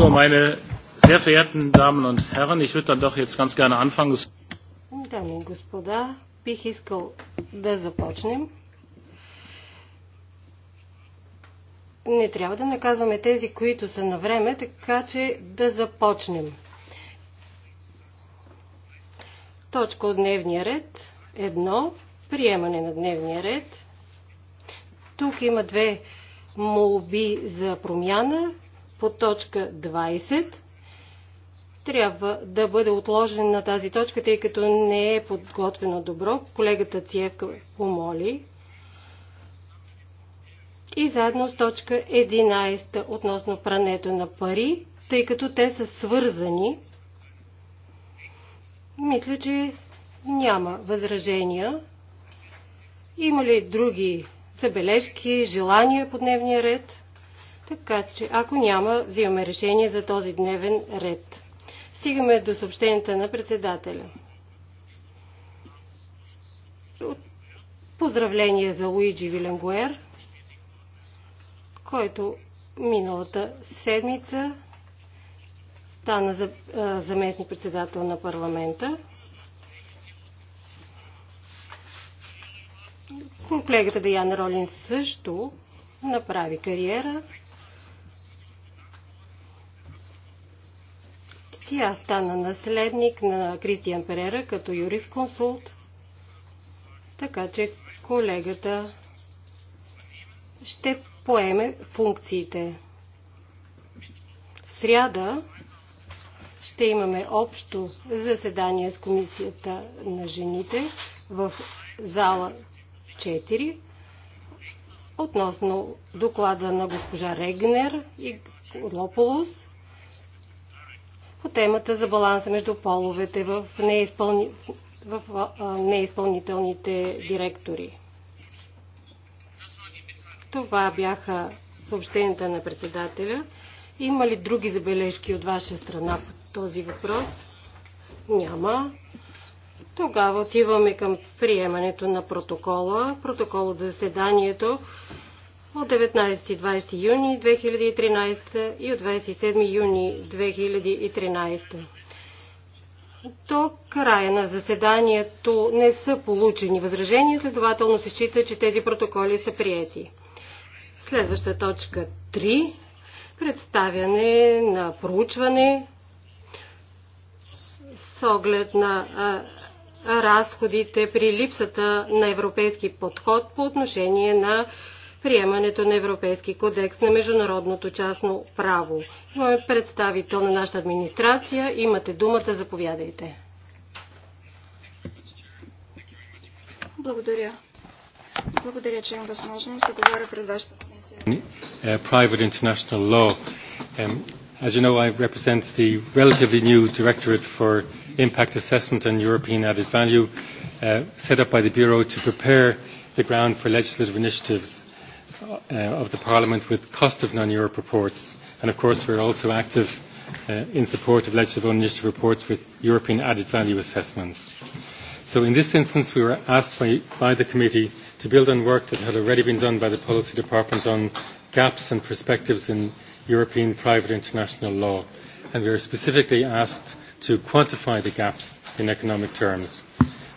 So, meine sehr verehrten Damen und Herren, ich würde dann doch jetzt ganz gerne anfangen. Дами и господа, бих искал да започнем. Не трябва да наказваме тези, които са на време, така че да започнем. Точка от дневния ред. Едно. Приемане на дневния ред. Тук има две молби за промяна по точка 20 трябва да бъде отложен на тази точка, тъй като не е подготвено добро. Колегата Циевка помоли. И заедно с точка 11 относно прането на пари, тъй като те са свързани. Мисля, че няма възражения. Има ли други забележки, желания по дневния ред? Така че, ако няма, взимаме решение за този дневен ред. Стигаме до съобщенията на председателя. Поздравление за Луиджи Виленгуер, който миналата седмица стана за, а, заместник председател на парламента. Колегата Даяна Ролин също направи кариера си, Аз стана наследник на Кристиан Перера като юрисконсулт, така че колегата ще поеме функциите. В сряда ще имаме общо заседание с Комисията на жените в зала 4 относно доклада на госпожа Регнер и Лополус по темата за баланса между половете в, неизпълни... в неизпълнителните директори. Това бяха съобщенията на председателя. Има ли други забележки от ваша страна по този въпрос? Няма. Тогава отиваме към приемането на протокола. Протокол от заседанието от 19 и 20 юни 2013 и от 27 юни 2013. До края на заседанието не са получени възражения, следователно се счита, че тези протоколи са приети. Следваща точка 3. Представяне на проучване с оглед на разходите при липсата на европейски подход по отношение на приемането на Европейски кодекс на международното частно право. Имаме представител на нашата администрация. Имате думата, заповядайте. Благодаря. Благодаря, че имам възможност да говоря пред вашата комисия. Uh, private international law. Um, as you know, I represent the relatively new Directorate for Impact Assessment and European Added Value, uh, set up by the Bureau to prepare the ground for legislative initiatives uh, of the Parliament with cost of non-Europe reports. And of course, we're also active uh, in support of legislative initiative reports with European added value assessments. So in this instance, we were asked by, by the committee to build on work that had already been done by the policy department on gaps and perspectives in European private international law. And we were specifically asked to quantify the gaps in economic terms.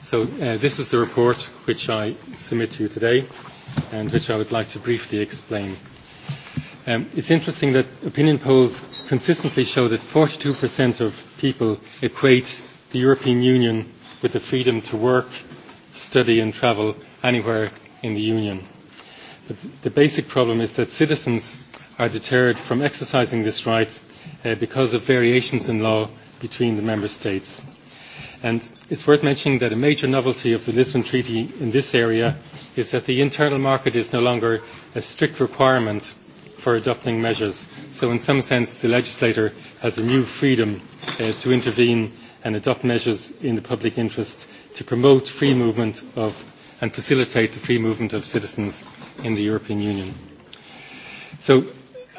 So uh, this is the report which I submit to you today and which I would like to briefly explain. Um, it's interesting that opinion polls consistently show that 42% of people equate the European Union with the freedom to work, study and travel anywhere in the Union. But the basic problem is that citizens are deterred from exercising this right uh, because of variations in law between the member states. And is worth mentioning that a major novelty of the Lisbon Treaty in this area is that the internal market is no longer a strict requirement for adopting measures. So in some sense, the legislator has a new freedom uh, to intervene and adopt measures in the public interest to promote free movement of and facilitate the free movement of citizens in the European Union. So,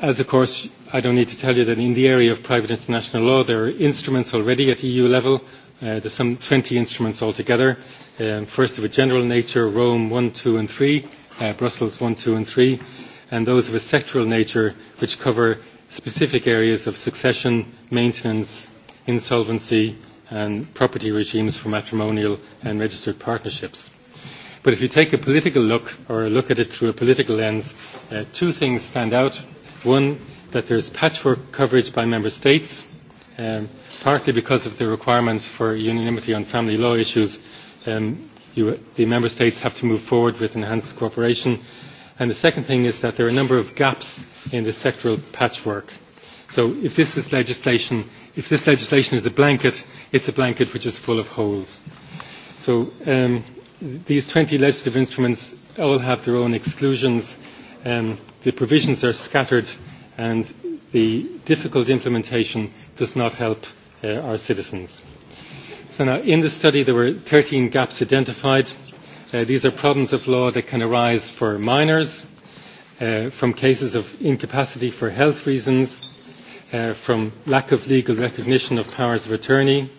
as of course, I don't need to tell you that in the area of private international law, there are instruments already at EU level Uh, there's some 20 instruments altogether. Um, first of a general nature, Rome 1, 2 and 3, uh, Brussels 1, 2 and 3, and those of a sectoral nature which cover specific areas of succession, maintenance, insolvency and property regimes for matrimonial and registered partnerships. But if you take a political look or look at it through a political lens, uh, two things stand out. One, that there's patchwork coverage by member states. Um, partly because of the requirements for unanimity on family law issues, um, you, the member states have to move forward with enhanced cooperation. And the second thing is that there are a number of gaps in the sectoral patchwork. So if this is legislation, if this legislation is a blanket, it's a blanket which is full of holes. So um, these 20 legislative instruments all have their own exclusions. Um, the provisions are scattered and the difficult implementation does not help uh, our citizens. So now, in the study, there were 13 gaps identified. Uh, these are problems of law that can arise for minors, uh, from cases of incapacity for health reasons, uh, from lack of legal recognition of powers of attorney,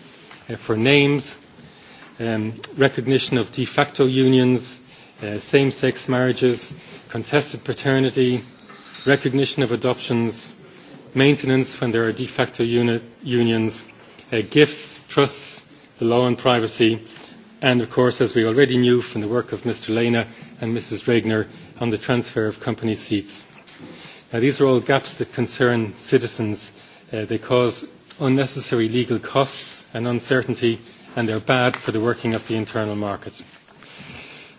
uh, for names, um, recognition of de facto unions, uh, same-sex marriages, contested paternity, recognition of adoptions, maintenance when there are de facto unit, unions, gifts, trusts, the law on privacy, and of course, as we already knew from the work of Mr. Lena and Mrs. Regner on the transfer of company seats. Now, these are all gaps that concern citizens. Uh, they cause unnecessary legal costs and uncertainty, and they're bad for the working of the internal market.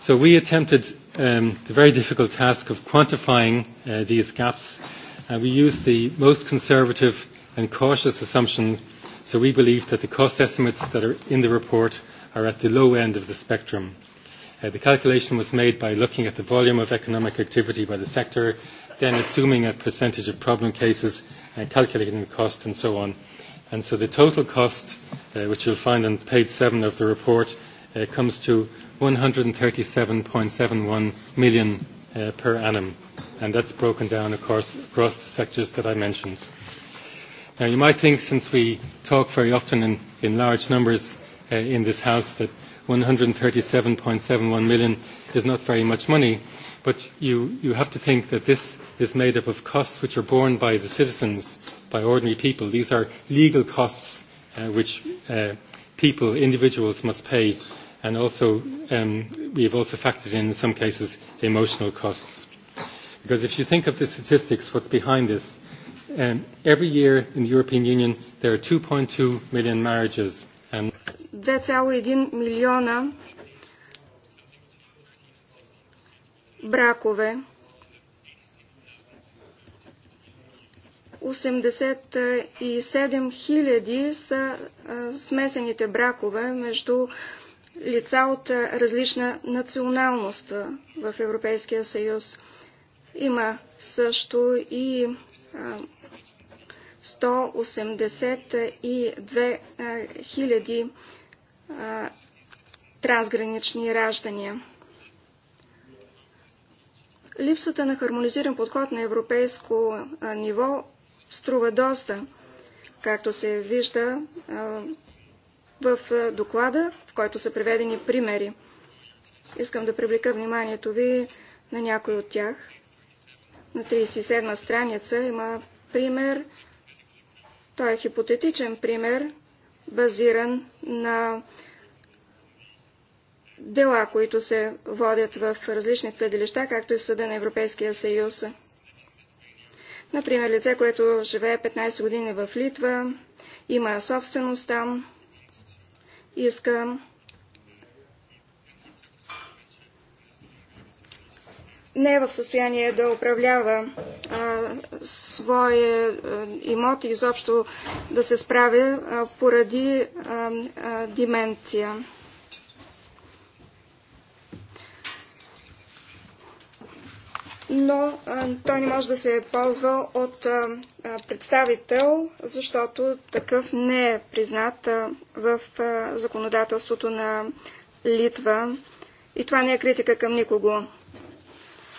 So we attempted um, the very difficult task of quantifying uh, these gaps. Uh, we used the most conservative and cautious assumption So we believe that the cost estimates that are in the report are at the low end of the spectrum. Uh, the calculation was made by looking at the volume of economic activity by the sector, then assuming a percentage of problem cases and calculating the cost and so on. And so the total cost, uh, which you'll find on page 7 of the report, uh, comes to 137.71 million uh, per annum. And that's broken down, of course, across the sectors that I mentioned. Now, you might think, since we talk very often in, in large numbers uh, in this House, that 137.71 million is not very much money, but you, you have to think that this is made up of costs which are borne by the citizens, by ordinary people. These are legal costs uh, which uh, people, individuals must pay, and also um, we have also factored in, in some cases, emotional costs. Because if you think of the statistics, what's behind this, um, every year in the European Union there are 2.2 million marriages. And 2,1 милиона бракове. 87 хиляди са смесените бракове между лица от различна националност в Европейския съюз. Има също и 182 е, хиляди е, трансгранични раждания. Липсата на хармонизиран подход на европейско е, ниво струва доста, както се вижда в доклада, в който са приведени примери. Искам да привлека вниманието ви на някой от тях. На 37 страница има пример. Той е хипотетичен пример, базиран на дела, които се водят в различни съдилища, както и в Съда на Европейския съюз. Например, лице, което живее 15 години в Литва, има собственост там, иска не е в състояние да управлява а, своя имот и изобщо да се справя а, поради а, а, деменция. но а, той не може да се е ползва от а, представител, защото такъв не е признат а, в а, законодателството на Литва. И това не е критика към никого.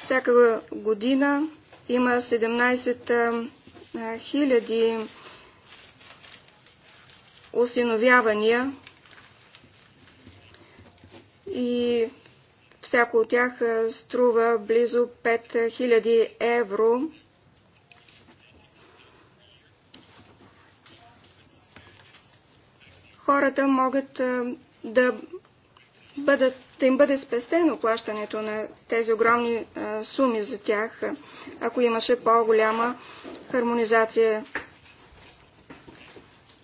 Всяка година има 17 000 осиновявания и всяко от тях струва близо 5000 евро. Хората могат да бъдат да им бъде спестено плащането на тези огромни суми за тях, ако имаше по-голяма хармонизация.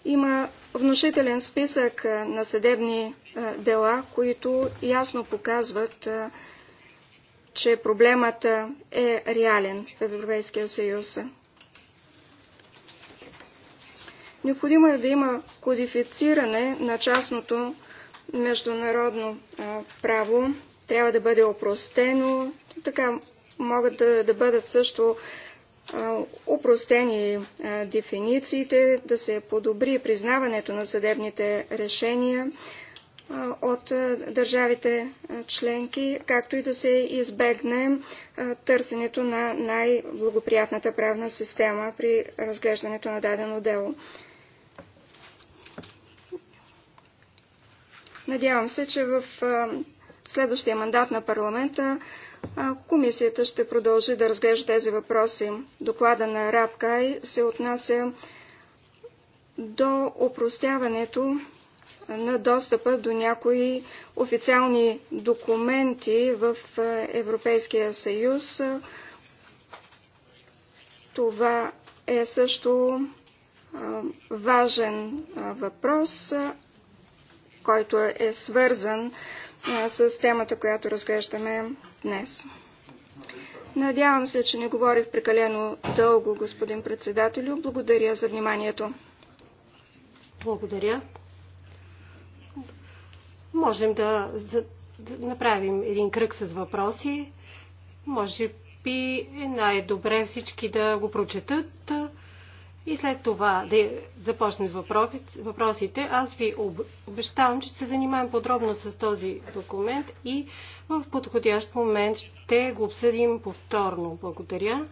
Има внушителен списък на съдебни дела, които ясно показват, че проблемът е реален в Европейския съюз. Необходимо е да има кодифициране на частното международно право трябва да бъде опростено. Така могат да, да бъдат също упростени дефинициите, да се подобри признаването на съдебните решения от държавите членки, както и да се избегне търсенето на най-благоприятната правна система при разглеждането на дадено дело. Надявам се, че в следващия мандат на парламента комисията ще продължи да разглежда тези въпроси. Доклада на РАПКАЙ се отнася до опростяването на достъпа до някои официални документи в Европейския съюз. Това е също важен въпрос, който е свързан с темата, която разглеждаме днес. Надявам се, че не говорих прекалено дълго, господин председателю. Благодаря за вниманието. Благодаря. Можем да, да направим един кръг с въпроси. Може би е най-добре всички да го прочетат и след това да започнем с въпросите. Аз ви обещавам, че се занимаем подробно с този документ и в подходящ момент ще го обсъдим повторно. Благодаря.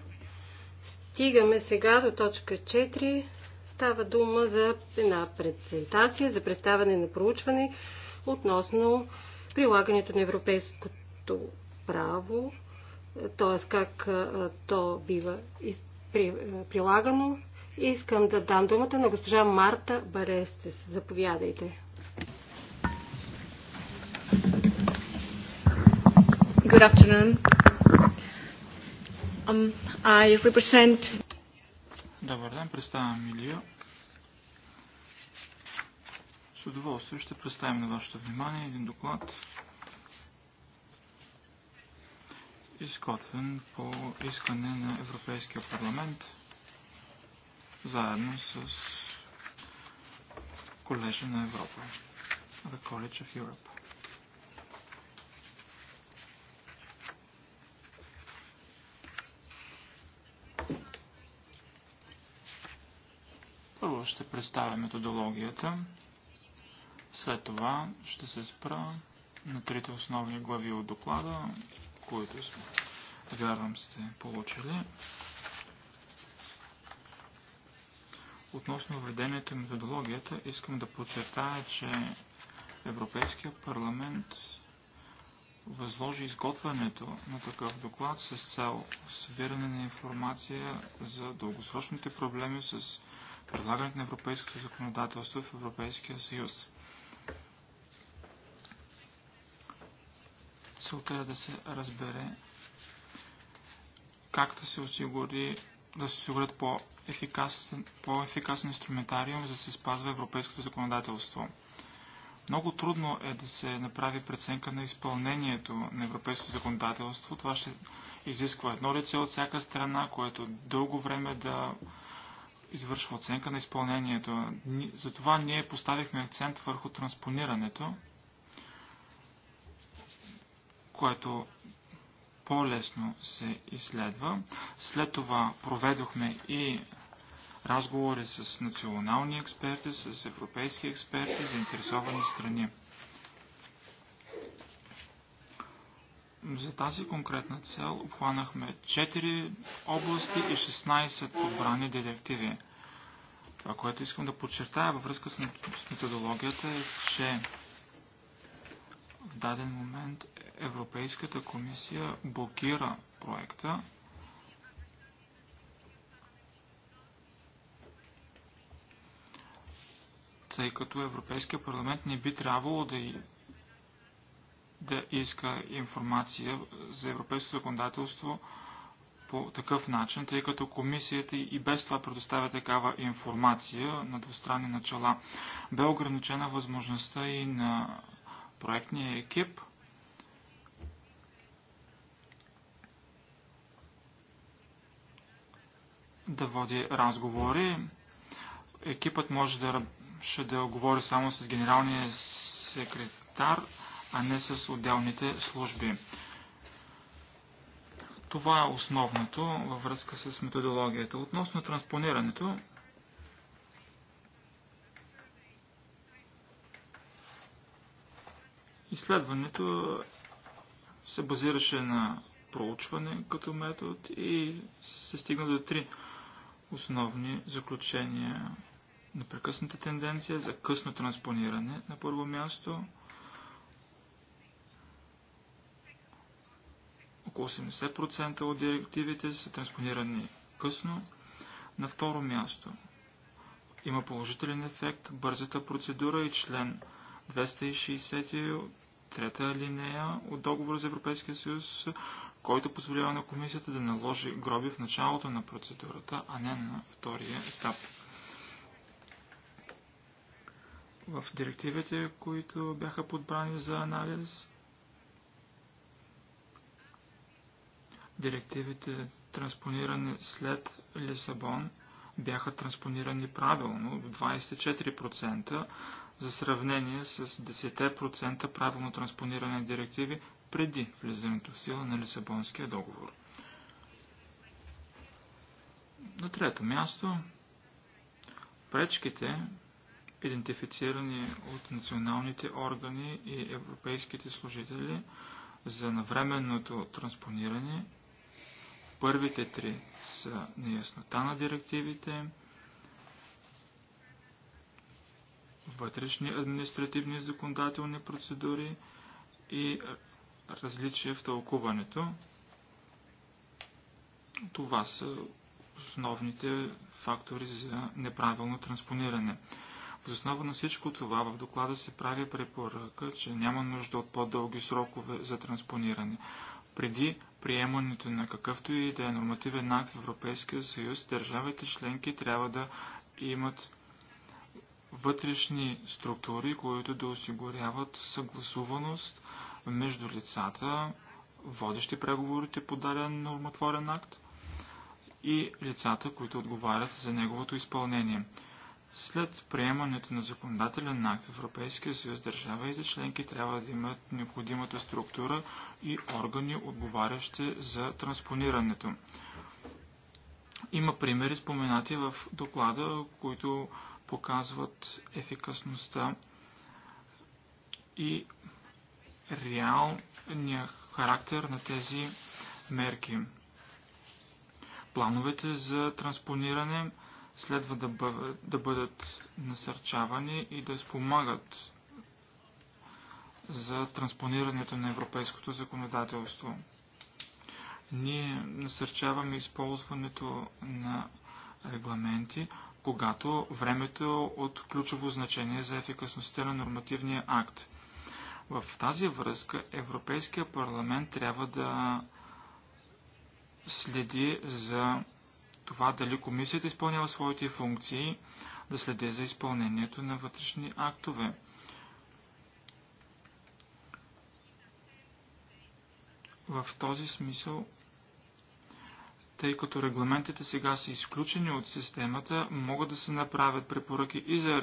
Стигаме сега до точка 4. Става дума за една презентация, за представяне на проучване относно прилагането на европейското право, т.е. как то бива прилагано Искам да дам думата на госпожа Марта Барестес. Заповядайте. Good afternoon. Um, I represent... Добър ден, представям Милио. С удоволствие ще представим на вашето внимание един доклад, изготвен по искане на Европейския парламент – заедно с Колежа на Европа, The College of Europe. Първо ще представя методологията, след това ще се спра на трите основни глави от доклада, които вярвам сте получили. Относно введението и методологията, искам да подчертая, че Европейския парламент възложи изготвянето на такъв доклад с цел събиране на информация за дългосрочните проблеми с предлагането на европейското законодателство в Европейския съюз. Целта е да се разбере как да се осигури да се осигурят по-ефикасен, по инструментариум, за да се спазва европейското законодателство. Много трудно е да се направи преценка на изпълнението на европейското законодателство. Това ще изисква едно лице от всяка страна, което дълго време да извършва оценка на изпълнението. Затова ние поставихме акцент върху транспонирането, което по-лесно се изследва. След това проведохме и разговори с национални експерти, с европейски експерти, заинтересовани страни. За тази конкретна цел обхванахме 4 области и 16 подбрани директиви. Това, което искам да подчертая във връзка с методологията е, че в даден момент Европейската комисия блокира проекта. тъй като Европейския парламент не би трябвало да, да иска информация за европейското законодателство по такъв начин, тъй като комисията и без това предоставя такава информация на двустранни начала. Бе ограничена възможността и на проектния екип. Да води разговори. Екипът може да, ще да говори само с генералния секретар, а не с отделните служби. Това е основното във връзка с методологията. Относно транспонирането, Изследването се базираше на проучване като метод и се стигна до три основни заключения. Непрекъсната тенденция за късно транспониране на първо място. Около 80% от директивите са транспонирани късно. На второ място има положителен ефект бързата процедура и член 260 трета линея от договора за Европейския съюз, който позволява на комисията да наложи гроби в началото на процедурата, а не на втория етап. В директивите, които бяха подбрани за анализ, директивите транспонирани след Лисабон бяха транспонирани правилно в 24%, за сравнение с 10% правилно транспониране на директиви преди влизането в сила на Лисабонския договор. На трето място, пречките, идентифицирани от националните органи и европейските служители за навременното транспониране, първите три са неяснота на директивите, вътрешни административни и законодателни процедури и различия в тълкуването. Това са основните фактори за неправилно транспониране. В основа на всичко това в доклада се прави препоръка, че няма нужда от по-дълги срокове за транспониране. Преди приемането на какъвто и да е нормативен акт в Европейския съюз, държавите членки трябва да имат вътрешни структури, които да осигуряват съгласуваност между лицата, водещи преговорите по даден нормотворен акт и лицата, които отговарят за неговото изпълнение. След приемането на законодателен акт в Европейския съюз, държавите членки трябва да имат необходимата структура и органи, отговарящи за транспонирането. Има примери споменати в доклада, които показват ефикасността и реалния характер на тези мерки. Плановете за транспониране следва да бъдат, да бъдат насърчавани и да спомагат за транспонирането на европейското законодателство. Ние насърчаваме използването на регламенти, когато времето е от ключово значение за ефикасността на нормативния акт. В тази връзка Европейския парламент трябва да следи за това дали комисията изпълнява своите функции, да следи за изпълнението на вътрешни актове. В този смисъл тъй като регламентите сега са изключени от системата, могат да се направят препоръки и за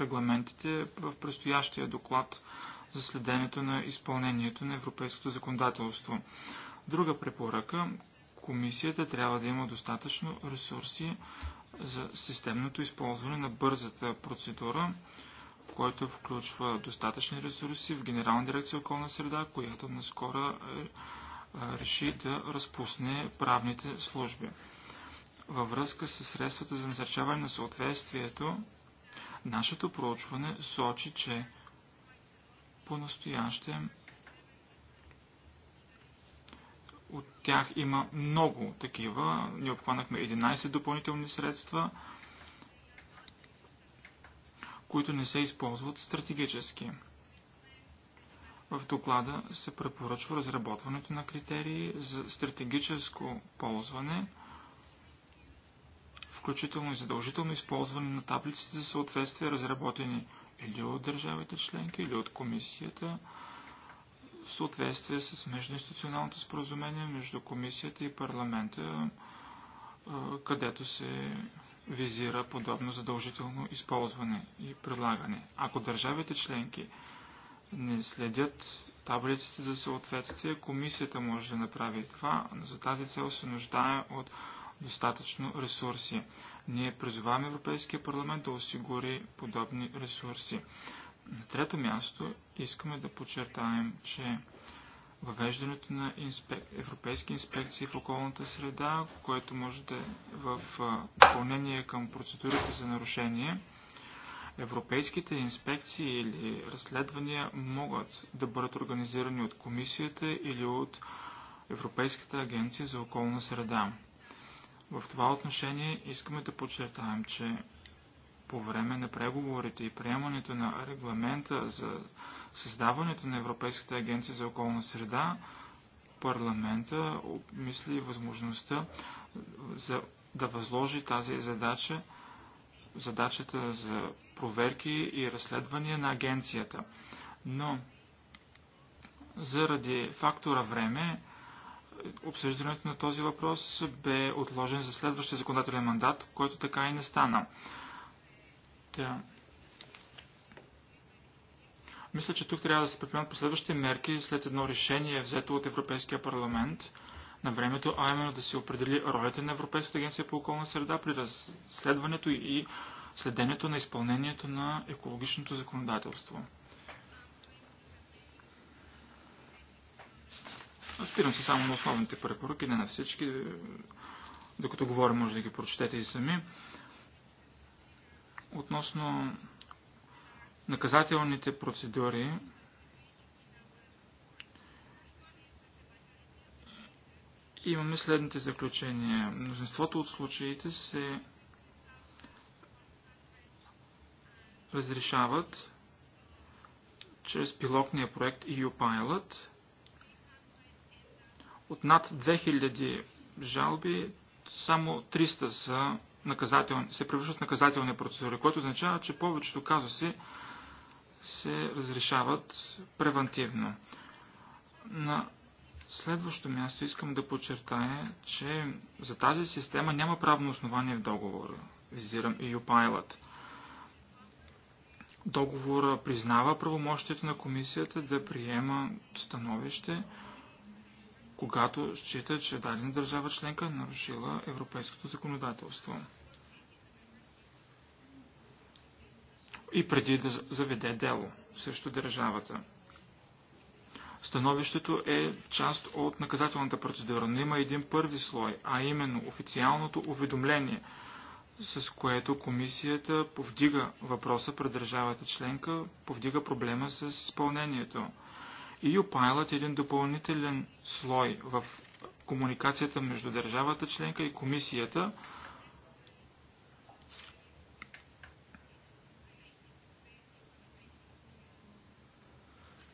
регламентите в предстоящия доклад за следенето на изпълнението на европейското законодателство. Друга препоръка – комисията трябва да има достатъчно ресурси за системното използване на бързата процедура, който включва достатъчни ресурси в Генерална дирекция околна среда, която наскоро е реши да разпусне правните служби. Във връзка с средствата за насърчаване на съответствието, нашето проучване сочи, че по-настояще от тях има много такива. Ние обхванахме 11 допълнителни средства, които не се използват стратегически. В доклада се препоръчва разработването на критерии за стратегическо ползване, включително и задължително използване на таблиците за съответствие, разработени или от държавите членки, или от комисията, в съответствие с междуинституционалното споразумение между комисията и парламента, където се визира подобно задължително използване и предлагане. Ако държавите членки не следят таблиците за съответствие, комисията може да направи това, но за тази цел се нуждае от достатъчно ресурси. Ние призоваваме Европейския парламент да осигури подобни ресурси. На трето място искаме да подчертаем, че въвеждането на инспек... европейски инспекции в околната среда, което може да е в допълнение към процедурите за нарушение, Европейските инспекции или разследвания могат да бъдат организирани от комисията или от Европейската агенция за околна среда. В това отношение искаме да подчертаем, че по време на преговорите и приемането на регламента за създаването на Европейската агенция за околна среда, парламента мисли възможността за да възложи тази задача задачата за проверки и разследвания на агенцията. Но заради фактора време, обсъждането на този въпрос бе отложен за следващия законодателен мандат, който така и не стана. Да. Мисля, че тук трябва да се предприемат последващи мерки след едно решение, взето от Европейския парламент – на времето, а именно да се определи ролята на Европейската агенция по околна среда при разследването и следенето на изпълнението на екологичното законодателство. Спирам се само на основните препоръки, не на всички. Докато говоря, може да ги прочетете и сами. Относно наказателните процедури, имаме следните заключения. Мнозинството от случаите се разрешават чрез пилотния проект EU-Pilot. От над 2000 жалби само 300 са наказателни, се превръщат наказателни процедури, което означава, че повечето казуси се разрешават превентивно. На следващо място искам да подчертая, че за тази система няма правно основание в договора. Визирам EU Pilot. Договора признава правомощието на комисията да приема становище, когато счита, че дадена държава членка нарушила европейското законодателство. И преди да заведе дело срещу държавата. Становището е част от наказателната процедура, но има един първи слой, а именно официалното уведомление, с което комисията повдига въпроса пред държавата членка, повдига проблема с изпълнението. И опайлът е един допълнителен слой в комуникацията между държавата членка и комисията,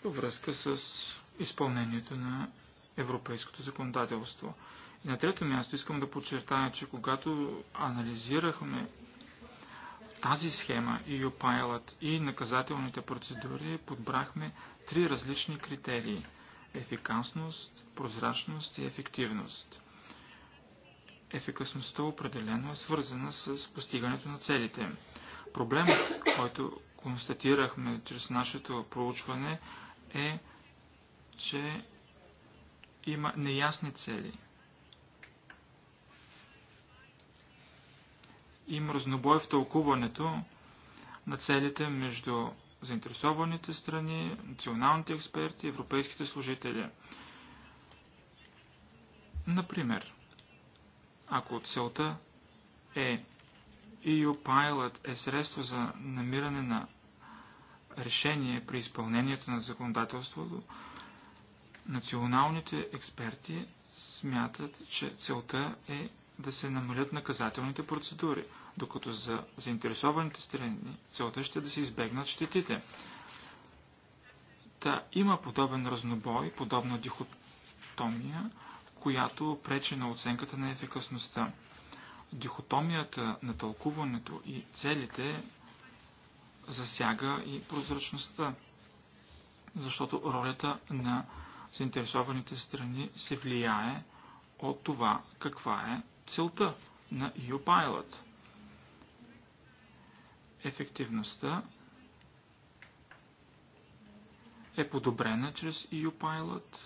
във връзка с изпълнението на европейското законодателство. И на трето място искам да подчертая, че когато анализирахме тази схема и опайлът и наказателните процедури, подбрахме три различни критерии – ефикасност, прозрачност и ефективност. Ефикасността определено е свързана с постигането на целите. Проблемът, който констатирахме чрез нашето проучване, е че има неясни цели. Има разнобой в тълкуването на целите между заинтересованите страни, националните експерти, европейските служители. Например, ако целта е EU Pilot е средство за намиране на решение при изпълнението на законодателството, Националните експерти смятат, че целта е да се намалят наказателните процедури, докато за заинтересованите страни целта ще е да се избегнат щетите. Та има подобен разнобой, подобна дихотомия, която пречи на оценката на ефикасността. Дихотомията на тълкуването и целите засяга и прозрачността, защото ролята на заинтересованите страни се влияе от това каква е целта на EU-Pilot. Ефективността е подобрена чрез EU-Pilot,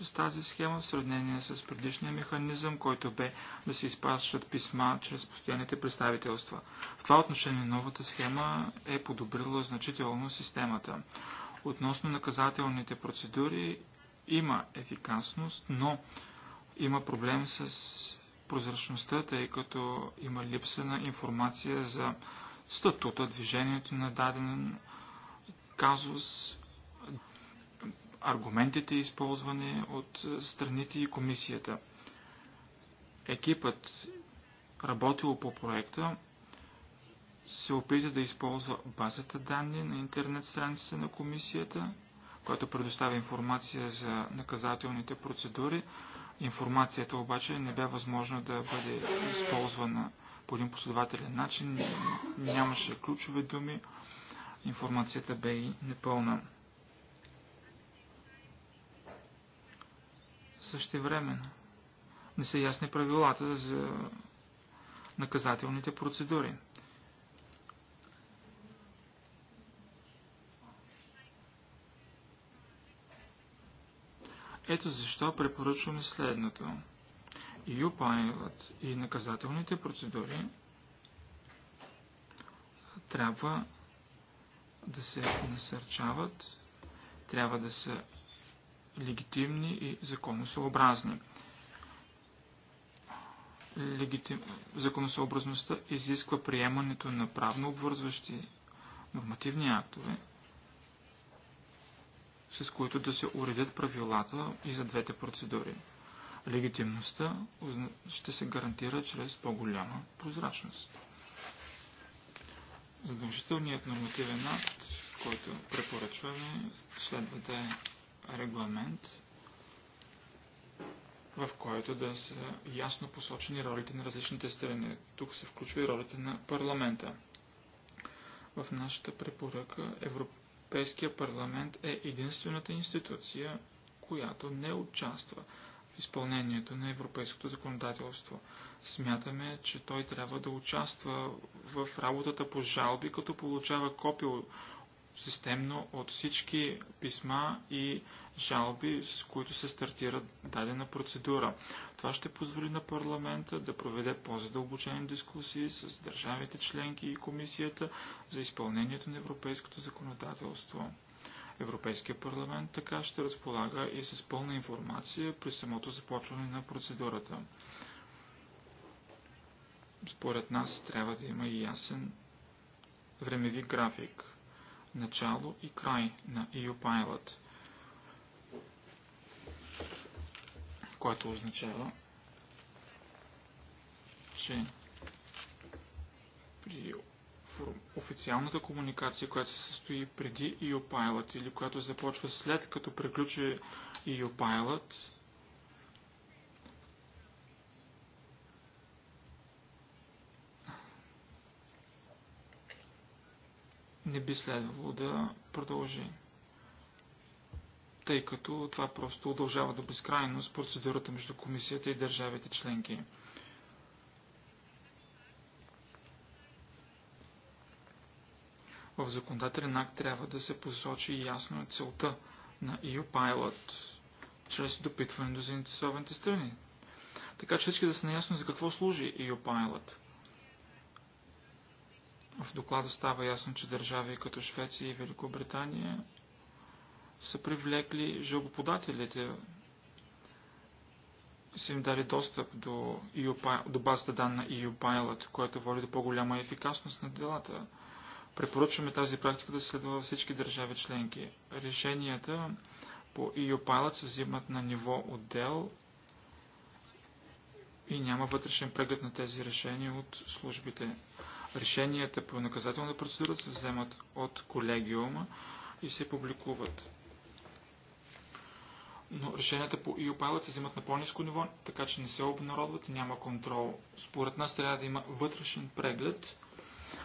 с тази схема в сравнение с предишния механизъм, който бе да се изпращат писма чрез постоянните представителства. В това отношение новата схема е подобрила значително системата. Относно наказателните процедури има ефикасност, но има проблем с прозрачността, тъй като има липса на информация за статута, движението на даден казус, аргументите използвани от страните и комисията. Екипът, работил по проекта, се опита да използва базата данни на интернет страницата на комисията който предоставя информация за наказателните процедури. Информацията обаче не бе възможно да бъде използвана по един последователен начин. Нямаше ключови думи. Информацията бе и непълна. Същевременно не са ясни правилата за наказателните процедури. Ето защо препоръчваме следното. И пайлът и наказателните процедури трябва да се насърчават, трябва да са легитимни и законосъобразни. Легитим... Законосъобразността изисква приемането на правно обвързващи нормативни актове, с които да се уредят правилата и за двете процедури. Легитимността ще се гарантира чрез по-голяма прозрачност. Задължителният нормативен акт, който препоръчваме, следва да е регламент, в който да са ясно посочени ролите на различните страни. Тук се включва и ролите на парламента. В нашата препоръка Европа Европейския парламент е единствената институция, която не участва в изпълнението на европейското законодателство. Смятаме, че той трябва да участва в работата по жалби, като получава копия системно от всички писма и жалби, с които се стартира дадена процедура. Това ще позволи на парламента да проведе по-задълбочени дискусии с държавите членки и комисията за изпълнението на европейското законодателство. Европейския парламент така ще разполага и с пълна информация при самото започване на процедурата. Според нас трябва да има и ясен времеви график начало и край на EUPilot, което означава, че при официалната комуникация, която се състои преди EUPilot или която започва след като приключи EUPilot, не би следвало да продължи. Тъй като това просто удължава до безкрайност процедурата между комисията и държавите членки. В законодателен акт трябва да се посочи ясно целта на EU Pilot чрез допитване до заинтересованите страни. Така че всички да са наясно за какво служи EU Pilot – в доклада става ясно, че държави като Швеция и Великобритания са привлекли жалбоподателите, са им дали достъп до, до базата данна на EU-Pilot, което води до по-голяма ефикасност на делата. Препоръчваме тази практика да следва във всички държави членки. Решенията по EU-Pilot се взимат на ниво отдел и няма вътрешен преглед на тези решения от службите. Решенията по наказателна процедура се вземат от колегиума и се публикуват. Но решенията по EU пайлът се вземат на по-низко ниво, така че не се обнародват, няма контрол. Според нас трябва да има вътрешен преглед,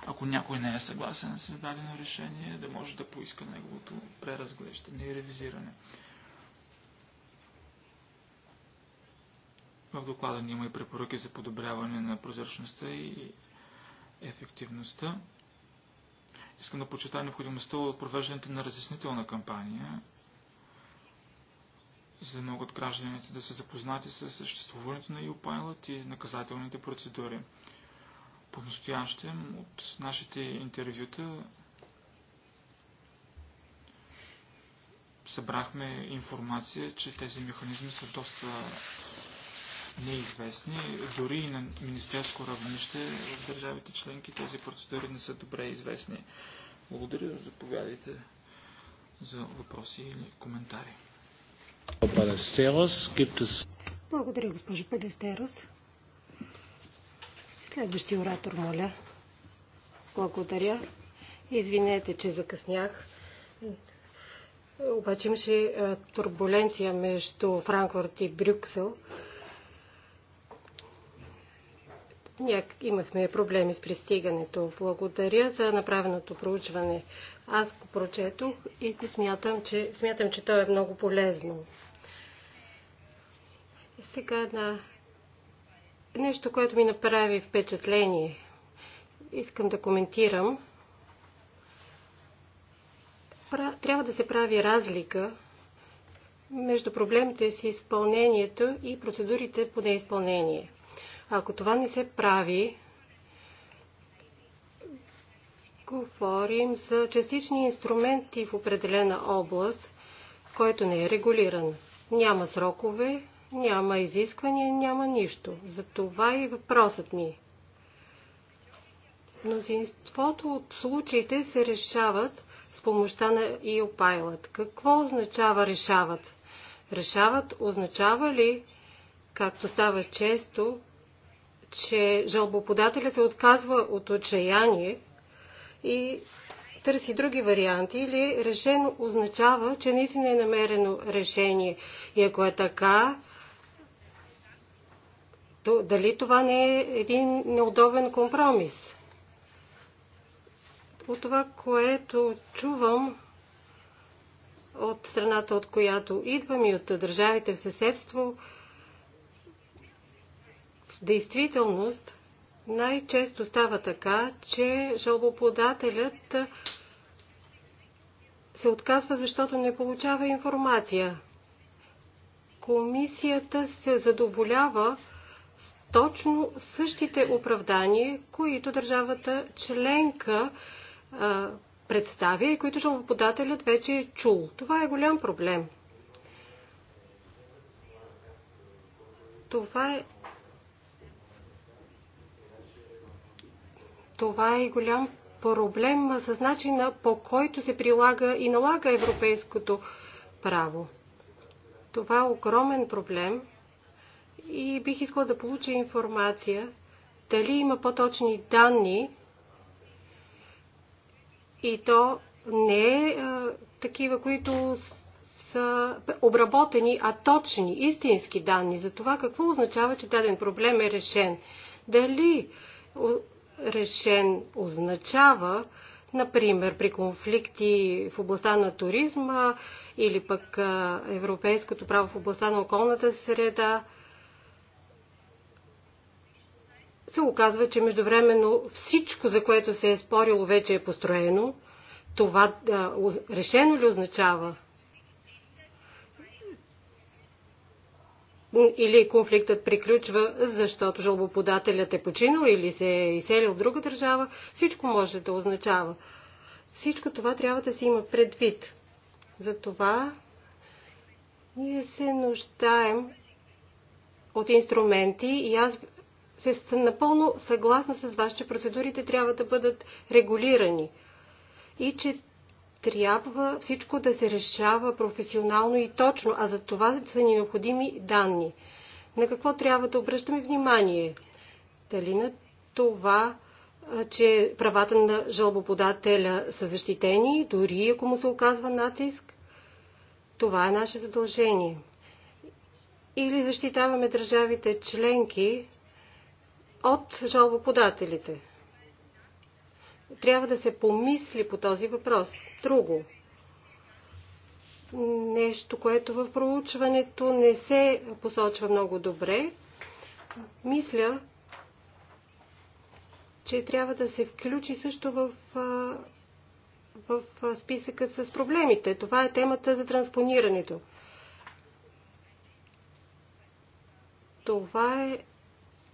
ако някой не е съгласен с дадено решение, да може да поиска неговото преразглеждане и ревизиране. В доклада няма и препоръки за подобряване на прозрачността и ефективността. Искам да почитая необходимостта от провеждането на разяснителна кампания, за да могат гражданите да се запознати с съществуването на U-Pilot и наказателните процедури. По-настоящем от нашите интервюта събрахме информация, че тези механизми са доста неизвестни. Дори и на министерско равнище в държавите членки тези процедури не са добре известни. Благодаря. да Заповядайте за въпроси или коментари. Благодаря, госпожо Палестерос. Следващия оратор, моля. Благодаря. Извинете, че закъснях. Обаче имаше турбуленция между Франкфурт и Брюксел. Няк... Имахме проблеми с пристигането. Благодаря за направеното проучване. Аз го прочетох и го смятам, че, смятам, че то е много полезно. Сега на нещо, което ми направи впечатление. Искам да коментирам. Трябва да се прави разлика между проблемите с изпълнението и процедурите по неизпълнение. Ако това не се прави, говорим за частични инструменти в определена област, който не е регулиран. Няма срокове, няма изисквания, няма нищо. За това и въпросът ми. Е. Мнозинството от случаите се решават с помощта на EOPilot. Какво означава решават? Решават означава ли, както става често, че жалбоподателят се отказва от отчаяние и търси други варианти или решено означава, че наистина е намерено решение. И ако е така, то дали това не е един неудобен компромис? От това, което чувам от страната, от която идвам и от държавите в съседство, в действителност най-често става така, че жалбоподателят се отказва, защото не получава информация. Комисията се задоволява с точно същите оправдания, които държавата членка а, представя и които жалбоподателят вече е чул. Това е голям проблем. Това е Това е голям проблем с начина по който се прилага и налага европейското право. Това е огромен проблем и бих искала да получа информация дали има по-точни данни и то не е такива, които са обработени, а точни, истински данни за това какво означава, че даден проблем е решен. Дали решен означава, например, при конфликти в областта на туризма или пък европейското право в областта на околната среда, се оказва, че междувременно всичко, за което се е спорило, вече е построено. Това решено ли означава, или конфликтът приключва, защото жалбоподателят е починал или се е изселил в друга държава, всичко може да означава. Всичко това трябва да се има предвид. Затова ние се нуждаем от инструменти и аз се съм напълно съгласна с вас, че процедурите трябва да бъдат регулирани и че трябва всичко да се решава професионално и точно, а за това са ни необходими данни. На какво трябва да обръщаме внимание? Дали на това, че правата на жалбоподателя са защитени, дори ако му се оказва натиск? Това е наше задължение. Или защитаваме държавите членки от жалбоподателите – трябва да се помисли по този въпрос. Друго. Нещо, което в проучването не се посочва много добре. Мисля, че трябва да се включи също в, в списъка с проблемите. Това е темата за транспонирането. Това е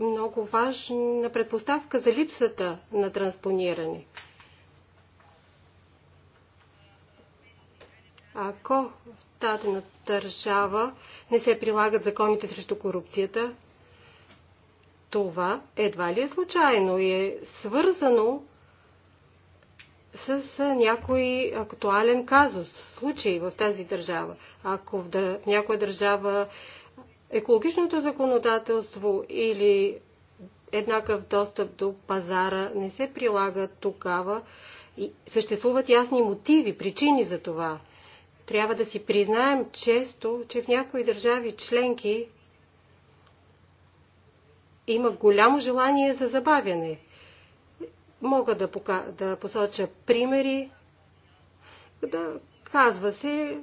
много важна предпоставка за липсата на транспониране. Ако в дадена държава не се прилагат законите срещу корупцията, това едва ли е случайно и е свързано с някой актуален казус, случай в тази държава. Ако в някоя държава екологичното законодателство или еднакъв достъп до пазара не се прилага тогава. И съществуват ясни мотиви, причини за това. Трябва да си признаем често, че в някои държави членки има голямо желание за забавяне. Мога да, пока, да посоча примери. Да казва се,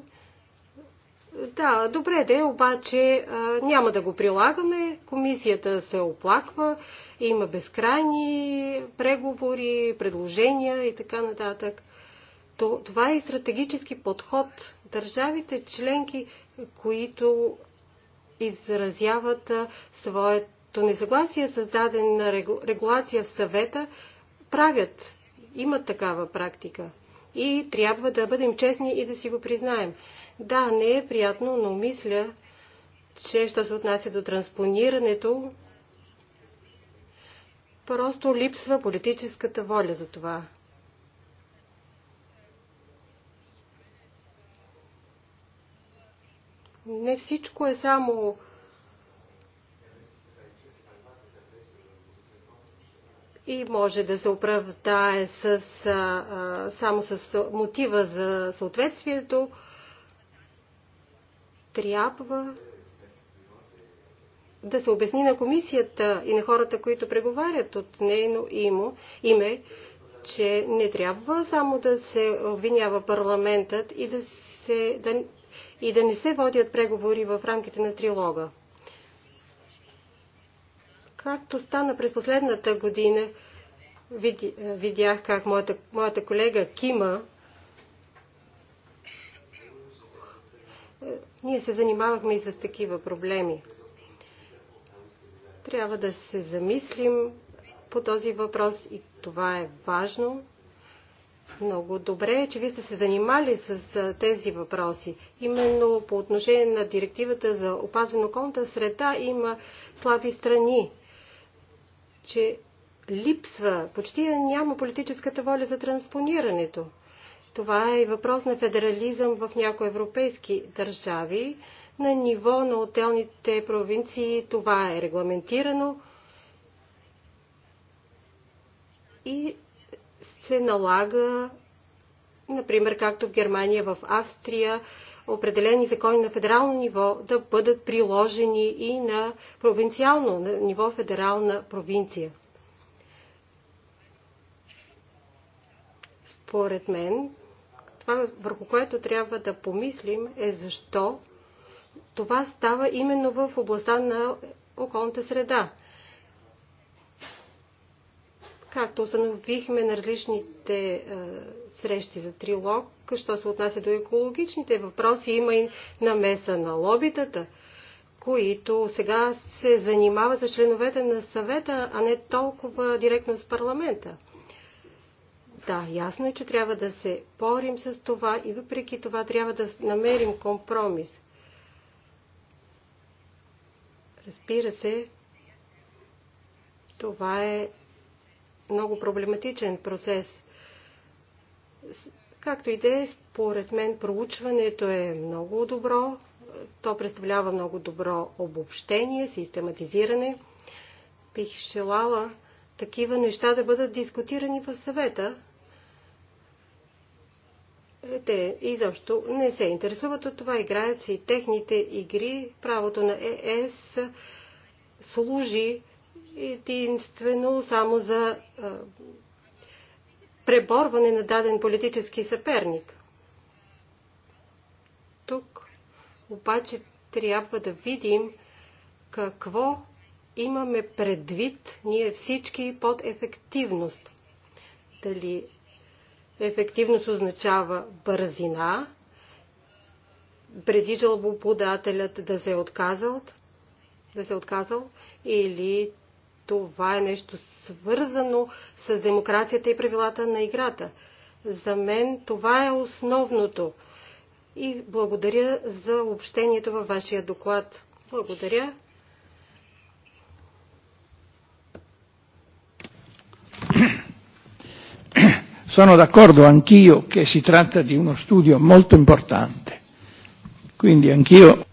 да, добре де, обаче а, няма да го прилагаме. Комисията се оплаква, има безкрайни преговори, предложения и така нататък. това е и стратегически подход. Държавите членки, които изразяват своето несъгласие с дадена регулация в съвета, правят, имат такава практика. И трябва да бъдем честни и да си го признаем. Да, не е приятно, но мисля, че що се отнася до транспонирането, просто липсва политическата воля за това. Не всичко е само и може да се оправдае с, а, само с мотива за съответствието трябва да се обясни на комисията и на хората, които преговарят от нейно име, име че не трябва само да се обвинява парламентът и да, се, да, и да не се водят преговори в рамките на трилога. Както стана през последната година, видях как моята, моята колега Кима Ние се занимавахме и с такива проблеми. Трябва да се замислим по този въпрос и това е важно. Много добре е, че вие сте се занимали с тези въпроси. Именно по отношение на директивата за опазване на околната среда има слаби страни, че липсва, почти няма политическата воля за транспонирането. Това е въпрос на федерализъм в някои европейски държави. На ниво на отделните провинции това е регламентирано и се налага, например, както в Германия, в Австрия, определени закони на федерално ниво да бъдат приложени и на провинциално на ниво федерална провинция. Според мен това, върху което трябва да помислим е защо това става именно в областта на околната среда. Както установихме на различните е, срещи за трилог, що се отнася до екологичните въпроси, има и намеса на лобитата, които сега се занимават за членовете на съвета, а не толкова директно с парламента. Да, ясно е, че трябва да се борим с това и въпреки това трябва да намерим компромис. Разбира се, това е много проблематичен процес. Както и да е, според мен проучването е много добро. То представлява много добро обобщение, систематизиране. Бих желала такива неща да бъдат дискутирани в съвета, те изобщо не се интересуват от това, играят си техните игри. Правото на ЕС служи единствено само за преборване на даден политически съперник. Тук обаче трябва да видим какво имаме предвид ние всички под ефективност. Дали Ефективност означава бързина, преди жалбоподателят да се е отказал, да се е отказал или това е нещо свързано с демокрацията и правилата на играта. За мен това е основното. И благодаря за общението във вашия доклад. Благодаря. Sono d'accordo anch'io che si tratta di uno studio molto importante. Quindi anch'io.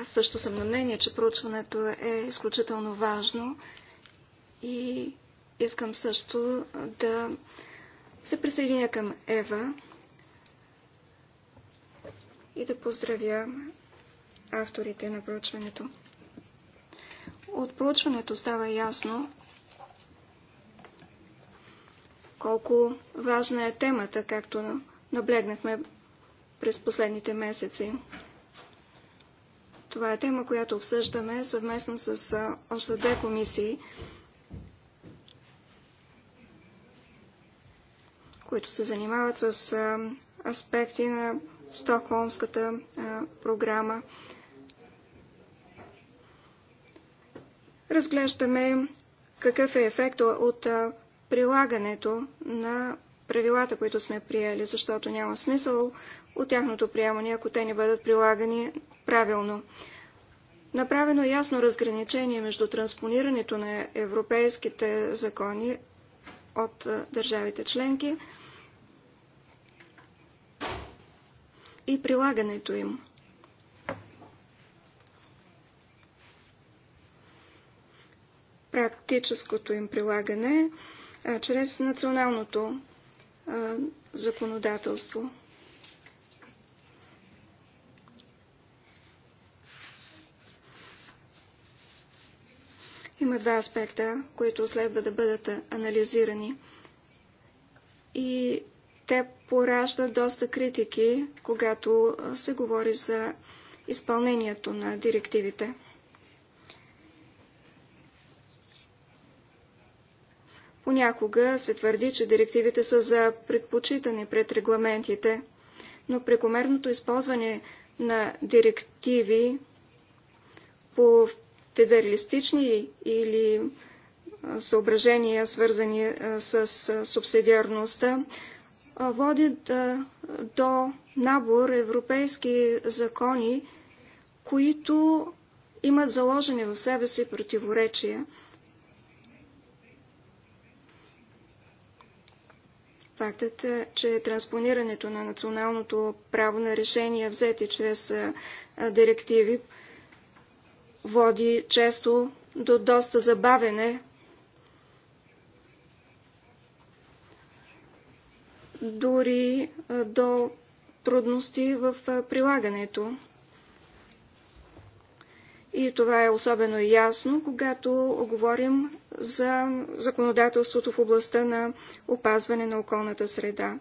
Аз също съм на мнение, че проучването е изключително важно и искам също да се присъединя към Ева и да поздравя авторите на проучването. От проучването става ясно, колко важна е темата, както наблегнахме през последните месеци. Това е тема, която обсъждаме съвместно с още две комисии, които се занимават с аспекти на Стокхолмската програма. Разглеждаме какъв е ефект от прилагането на правилата, които сме приели, защото няма смисъл от тяхното приемане, ако те не бъдат прилагани правилно. Направено е ясно разграничение между транспонирането на европейските закони от държавите членки и прилагането им. Практическото им прилагане е а, чрез националното а, законодателство. Има два аспекта, които следва да бъдат анализирани. И те пораждат доста критики, когато се говори за изпълнението на директивите. Понякога се твърди, че директивите са за предпочитане пред регламентите, но прекомерното използване на директиви по федералистични или съображения, свързани с субсидиарността, води до набор европейски закони, които имат заложени в себе си противоречия – Фактът, е, че транспонирането на националното право на решения, взети чрез директиви, води често до доста забавене, дори до трудности в прилагането. И това е особено ясно, когато говорим за законодателството в областта на опазване на околната среда.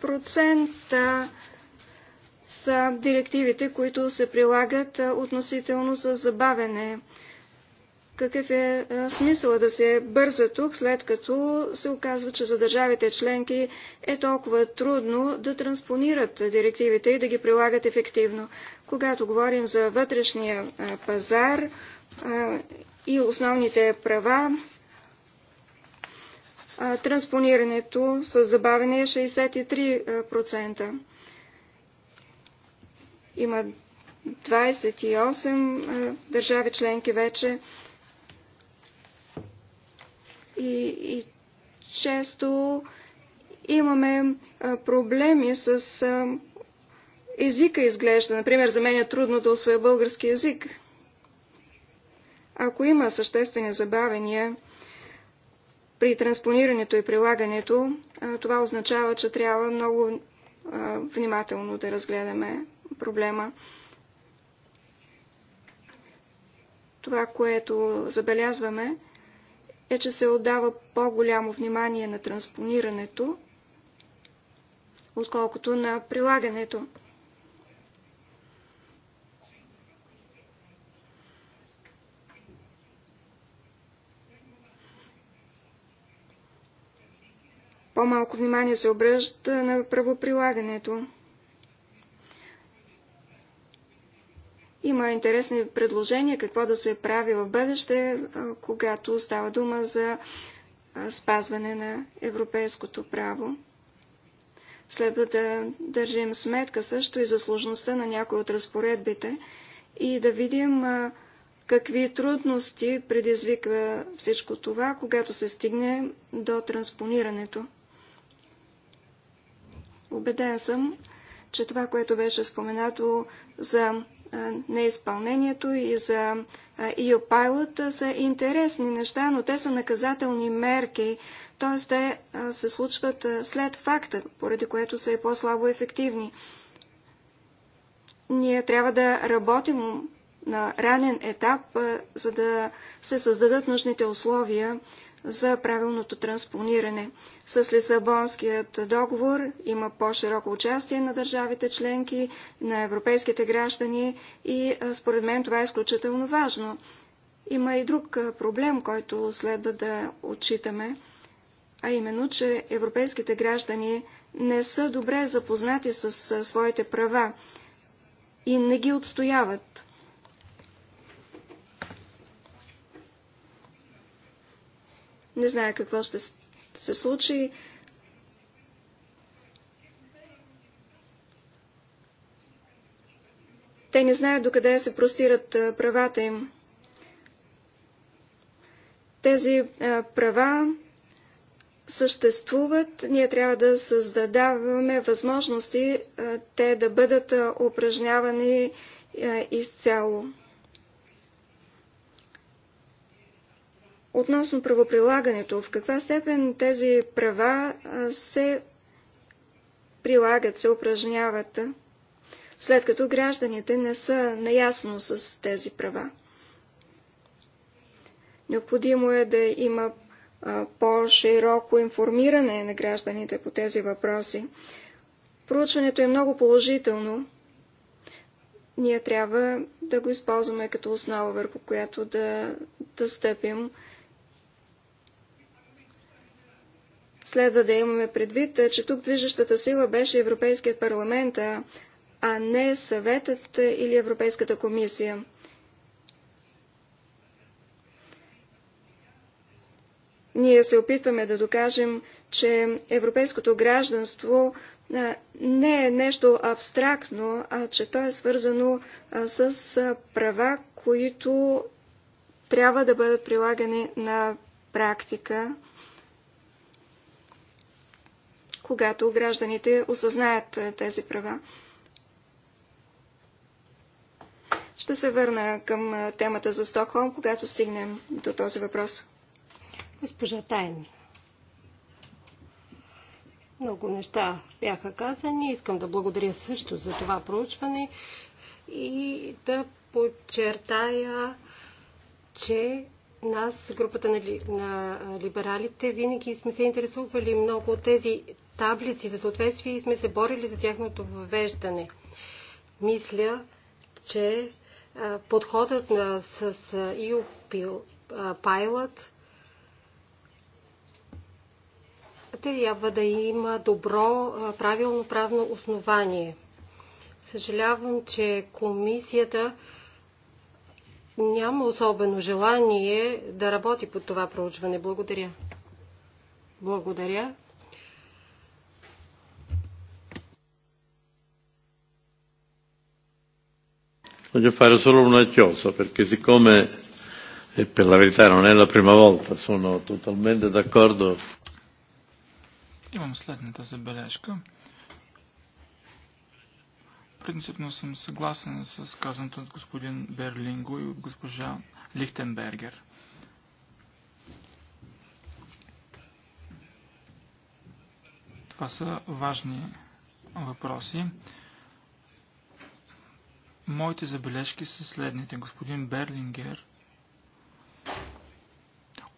процента са директивите, които се прилагат относително с забавене. Какъв е смисъл да се бърза тук, след като се оказва, че за държавите членки е толкова трудно да транспонират директивите и да ги прилагат ефективно? Когато говорим за вътрешния пазар и основните права, транспонирането с забавене е 63%. Има 28 държави членки вече и, и често имаме а, проблеми с а, езика изглежда. Например, за мен е трудно да освоя български язик. Ако има съществени забавения при транспонирането и прилагането, а, това означава, че трябва много а, внимателно да разгледаме проблема. Това, което забелязваме, е, че се отдава по-голямо внимание на транспонирането, отколкото на прилагането. По-малко внимание се обръща на правоприлагането. Има интересни предложения какво да се прави в бъдеще, когато става дума за спазване на европейското право. Следва да държим сметка също и за сложността на някои от разпоредбите и да видим какви трудности предизвиква всичко това, когато се стигне до транспонирането. Обеден съм, че това, което беше споменато за неизпълнението и за EU Pilot са интересни неща, но те са наказателни мерки, т.е. те се случват след факта, поради което са и по-слабо ефективни. Ние трябва да работим на ранен етап, за да се създадат нужните условия за правилното транспониране. С Лисабонският договор има по-широко участие на държавите членки, на европейските граждани и според мен това е изключително важно. Има и друг проблем, който следва да отчитаме, а именно, че европейските граждани не са добре запознати с своите права и не ги отстояват. Не знае какво ще се случи. Те не знаят докъде се простират правата им. Тези права съществуват, ние трябва да създадаваме възможности те да бъдат упражнявани изцяло. Относно правоприлагането, в каква степен тези права се прилагат, се упражняват, след като гражданите не са наясно с тези права? Необходимо е да има по-широко информиране на гражданите по тези въпроси. Проучването е много положително. Ние трябва да го използваме като основа, върху която да, да стъпим Следва да имаме предвид, е, че тук движещата сила беше Европейският парламент, а не съветът е, или Европейската комисия. Ние се опитваме да докажем, че европейското гражданство е, не е нещо абстрактно, а че то е свързано с права, които трябва да бъдат прилагани на практика когато гражданите осъзнаят е, тези права. Ще се върна към е, темата за Стокхолм, когато стигнем до този въпрос. Госпожа Тайн. Много неща бяха казани. Искам да благодаря също за това проучване и да подчертая, че нас, групата на, ли, на либералите, винаги сме се интересували много от тези таблици за съответствие и сме се борили за тяхното въвеждане. Мисля, че подходът на, с EU Pilot трябва да има добро, правилно правно основание. Съжалявам, че комисията няма особено желание да работи по това проучване. Благодаря. Благодаря. Voglio fare solo una chiosa perché siccome e per la verità non è la prima volta sono totalmente d'accordo. Io non Имам следната забележка. Принципно съм съгласен с казаното от господин Берлинго и от госпожа Лихтенбергер. Това са важни въпроси. Моите забележки са следните. Господин Берлингер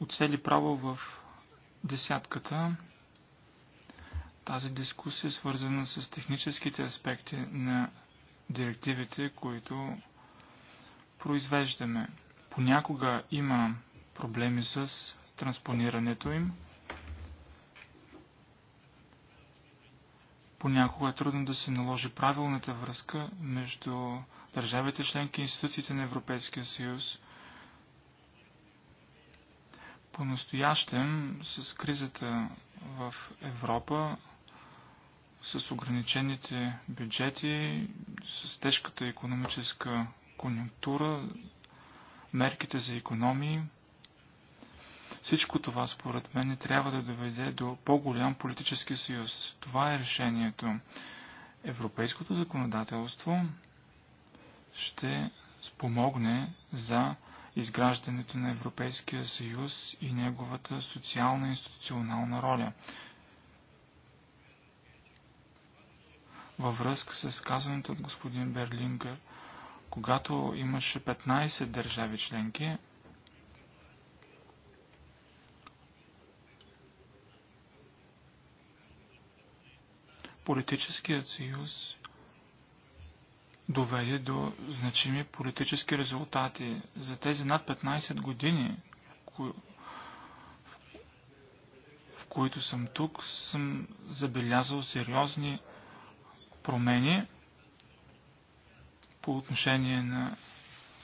оцели право в десятката тази дискусия, е свързана с техническите аспекти на директивите, които произвеждаме. Понякога има проблеми с транспонирането им. Понякога е трудно да се наложи правилната връзка между държавите членки и институциите на Европейския съюз. По-настоящем с кризата в Европа с ограничените бюджети, с тежката економическа конъюнктура, мерките за економии. Всичко това, според мен, трябва да доведе до по-голям политически съюз. Това е решението. Европейското законодателство ще спомогне за изграждането на Европейския съюз и неговата социална и институционална роля – във връзка с казването от господин Берлингър, когато имаше 15 държави членки, политическият съюз доведе до значими политически резултати. За тези над 15 години, в които съм тук, съм забелязал сериозни промени по отношение на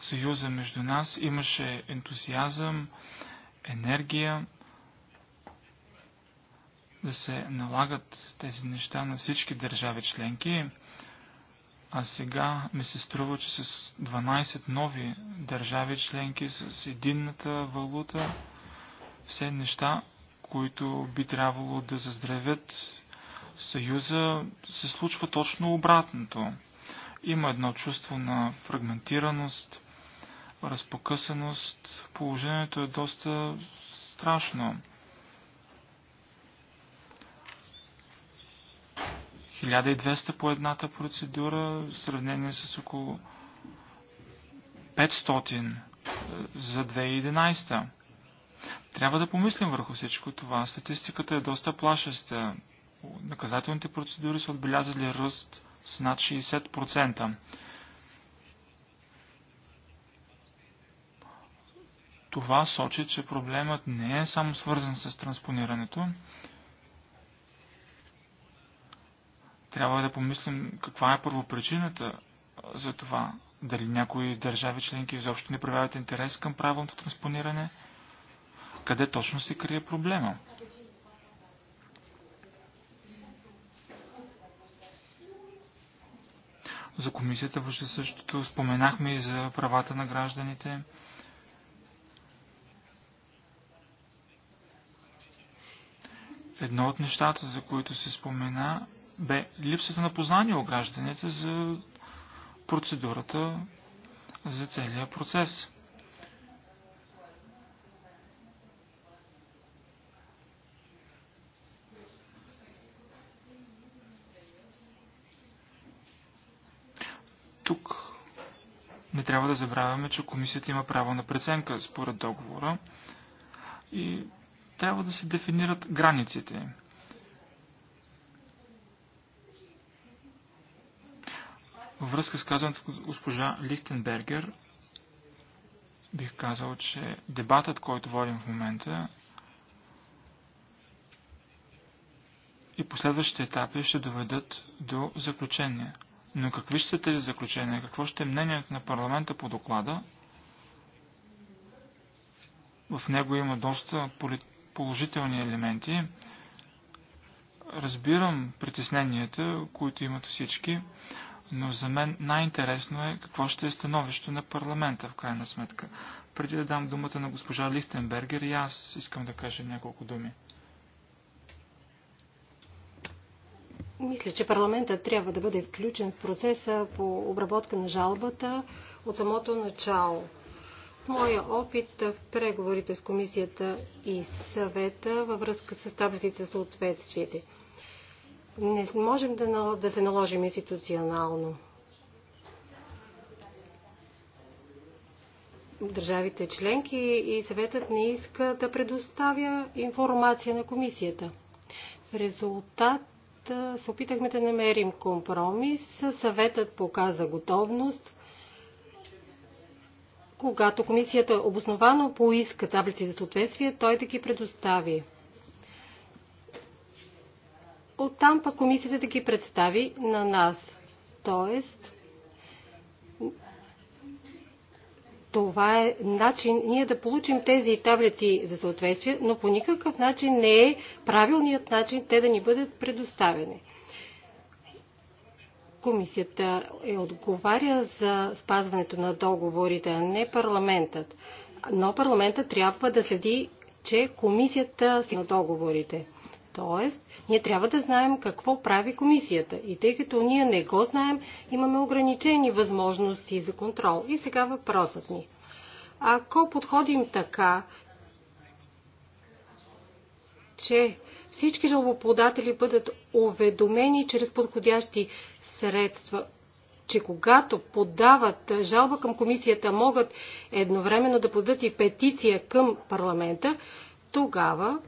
съюза между нас. Имаше ентусиазъм, енергия да се налагат тези неща на всички държави членки. А сега ми се струва, че с 12 нови държави членки, с единната валута, все неща, които би трябвало да заздравят Съюза се случва точно обратното. Има едно чувство на фрагментираност, разпокъсаност. Положението е доста страшно. 1200 по едната процедура, в сравнение с около 500 е, за 2011. Трябва да помислим върху всичко това. Статистиката е доста плашеща наказателните процедури са отбелязали ръст с над 60%. Това сочи, че проблемът не е само свързан с транспонирането. Трябва да помислим каква е първопричината за това. Дали някои държави членки изобщо не проявяват интерес към правилното транспониране? Къде точно се крие проблема? За комисията въобще същото споменахме и за правата на гражданите. Едно от нещата, за които се спомена, бе липсата на познание от гражданите за процедурата, за целия процес. трябва да забравяме, че комисията има право на преценка според договора и трябва да се дефинират границите. Във връзка с казаното госпожа Лихтенбергер, бих казал, че дебатът, който водим в момента и последващите етапи ще доведат до заключение. Но какви ще са тези заключения? Какво ще е мнението на парламента по доклада? В него има доста положителни елементи. Разбирам притесненията, които имат всички, но за мен най-интересно е какво ще е становището на парламента в крайна сметка. Преди да дам думата на госпожа Лихтенбергер, и аз искам да кажа няколко думи. Мисля, че парламентът трябва да бъде включен в процеса по обработка на жалбата от самото начало. Моя опит в преговорите с комисията и съвета във връзка с таблиците съответствиете. Не можем да, да се наложим институционално. Държавите членки и съветът не иска да предоставя информация на комисията. В резултат се опитахме да намерим компромис. Съветът показа готовност. Когато комисията обосновано поиска таблици за съответствие, той да ги предостави. Оттам пък комисията да ги представи на нас. Тоест, това е начин ние да получим тези таблици за съответствие, но по никакъв начин не е правилният начин те да ни бъдат предоставени. Комисията е отговаря за спазването на договорите, а не парламентът. Но парламентът трябва да следи, че комисията си на договорите. Тоест, ние трябва да знаем какво прави комисията. И тъй като ние не го знаем, имаме ограничени възможности за контрол. И сега въпросът ми. Ако подходим така, че всички жалбоподатели бъдат уведомени чрез подходящи средства, че когато подават жалба към комисията, могат едновременно да подадат и петиция към парламента, тогава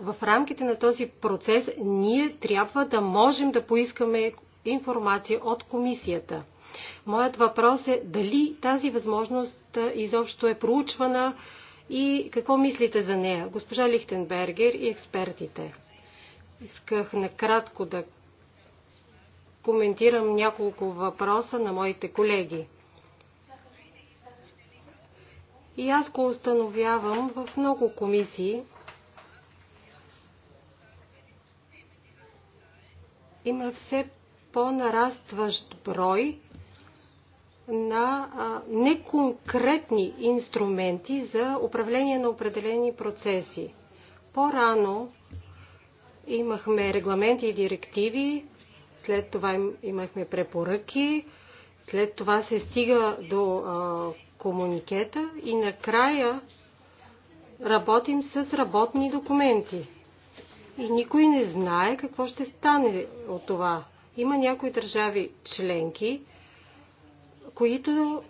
в рамките на този процес ние трябва да можем да поискаме информация от комисията. Моят въпрос е дали тази възможност изобщо е проучвана и какво мислите за нея, госпожа Лихтенбергер и експертите. Исках накратко да коментирам няколко въпроса на моите колеги. И аз го установявам в много комисии, има все по-нарастващ брой на неконкретни инструменти за управление на определени процеси. По-рано имахме регламенти и директиви, след това имахме препоръки, след това се стига до а, комуникета и накрая работим с работни документи и никой не знае какво ще стане от това. Има някои държави членки, които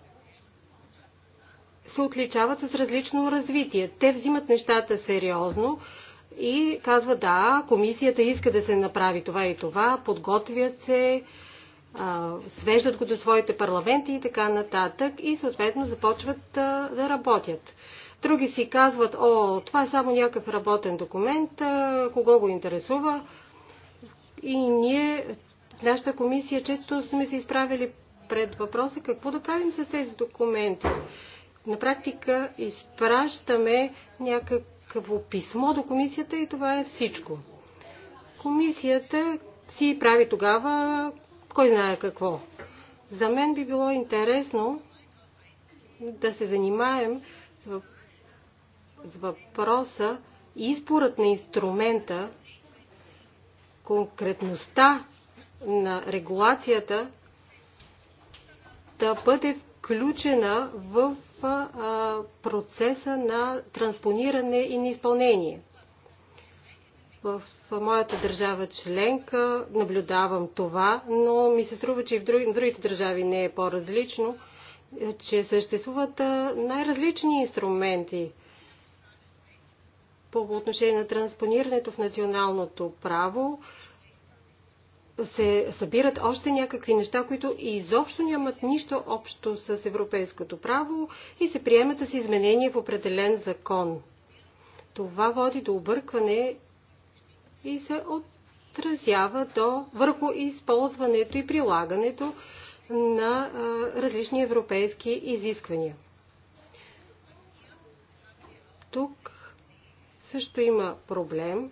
се отличават с различно развитие. Те взимат нещата сериозно и казват да, комисията иска да се направи това и това, подготвят се, свеждат го до своите парламенти и така нататък и съответно започват да работят. Други си казват, о, това е само някакъв работен документ, кого го интересува. И ние, нашата комисия, често сме се изправили пред въпроса какво да правим с тези документи. На практика изпращаме някакво писмо до комисията и това е всичко. Комисията си прави тогава кой знае какво. За мен би било интересно да се занимаем с въпроса изборът на инструмента, конкретността на регулацията да бъде включена в процеса на транспониране и на изпълнение. В моята държава членка наблюдавам това, но ми се струва, че и в другите държави не е по-различно, че съществуват най-различни инструменти – по отношение на транспонирането в националното право се събират още някакви неща, които изобщо нямат нищо общо с европейското право и се приемат с изменение в определен закон. Това води до объркване и се отразява до, върху използването и прилагането на различни европейски изисквания. Тук също има проблем.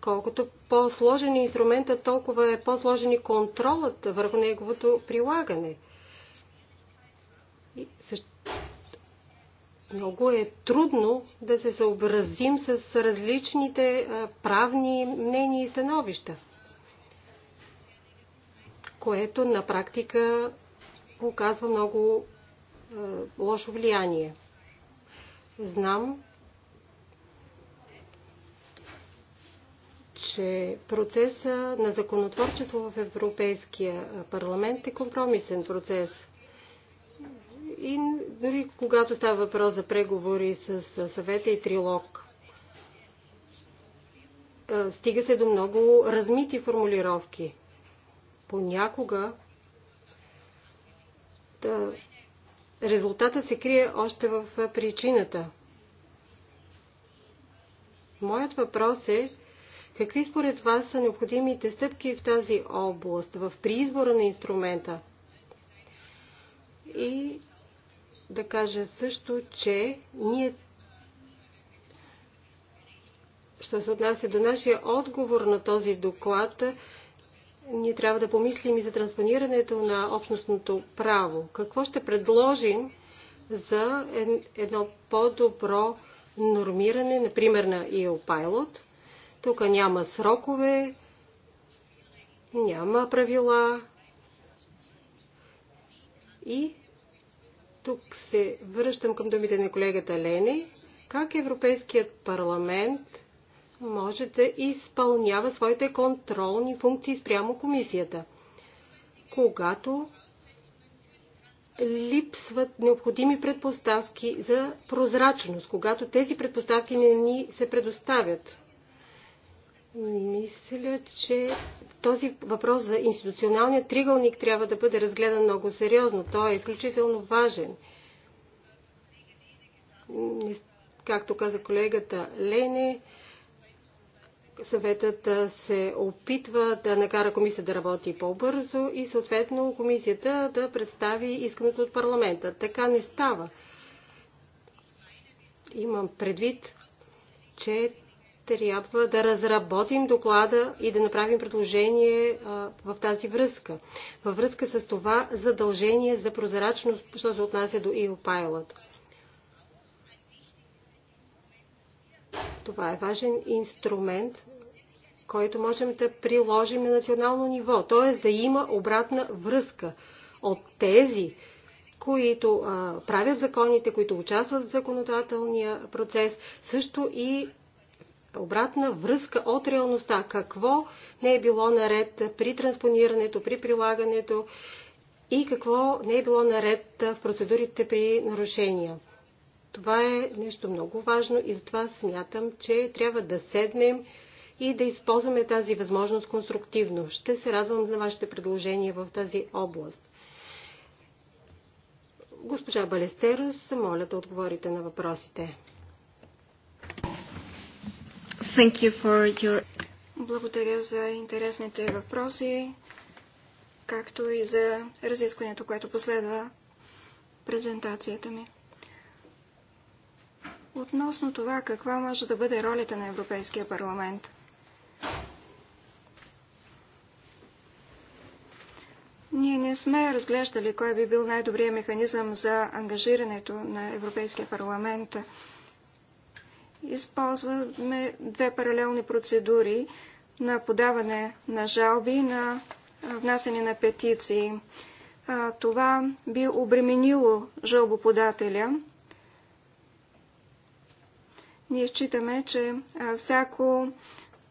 Колкото по-сложен е инструментът, толкова е по-сложен и контролът върху неговото прилагане. И също... Много е трудно да се съобразим с различните правни мнения и становища, което на практика оказва много лошо влияние. Знам, че процеса на законотворчество в Европейския парламент е компромисен процес. И дори когато става въпрос за преговори с съвета и трилог, стига се до много размити формулировки. Понякога да, Резултатът се крие още в причината. Моят въпрос е, какви според вас са необходимите стъпки в тази област, в приизбора на инструмента? И да кажа също, че ние, ще се отнася до нашия отговор на този доклад, ние трябва да помислим и за транспонирането на общностното право. Какво ще предложим за едно по-добро нормиране, например на EU Pilot? Тук няма срокове, няма правила и тук се връщам към думите на колегата Лени. Как Европейският парламент може да изпълнява своите контролни функции спрямо комисията. Когато липсват необходими предпоставки за прозрачност, когато тези предпоставки не ни се предоставят. Мисля, че този въпрос за институционалния тригълник трябва да бъде разгледан много сериозно. Той е изключително важен. Както каза колегата Лене, съветът се опитва да накара комисията да работи по-бързо и съответно комисията да представи искането от парламента. Така не става. Имам предвид, че трябва да разработим доклада и да направим предложение а, в тази връзка. Във връзка с това задължение за прозрачност, що се отнася до EU Pilot. Това е важен инструмент, който можем да приложим на национално ниво, т.е. да има обратна връзка от тези, които а, правят законите, които участват в законодателния процес, също и обратна връзка от реалността. Какво не е било наред при транспонирането, при прилагането и какво не е било наред в процедурите при нарушения. Това е нещо много важно и затова смятам, че трябва да седнем и да използваме тази възможност конструктивно. Ще се радвам за вашите предложения в тази област. Госпожа Балестерос, моля да отговорите на въпросите. Thank you for your... Благодаря за интересните въпроси, както и за разискването, което последва презентацията ми. Относно това, каква може да бъде ролята на Европейския парламент? Ние не сме разглеждали кой би бил най-добрият механизъм за ангажирането на Европейския парламент. Използваме две паралелни процедури на подаване на жалби и на внасяне на петиции. Това би обременило жалбоподателя ние считаме, че всяко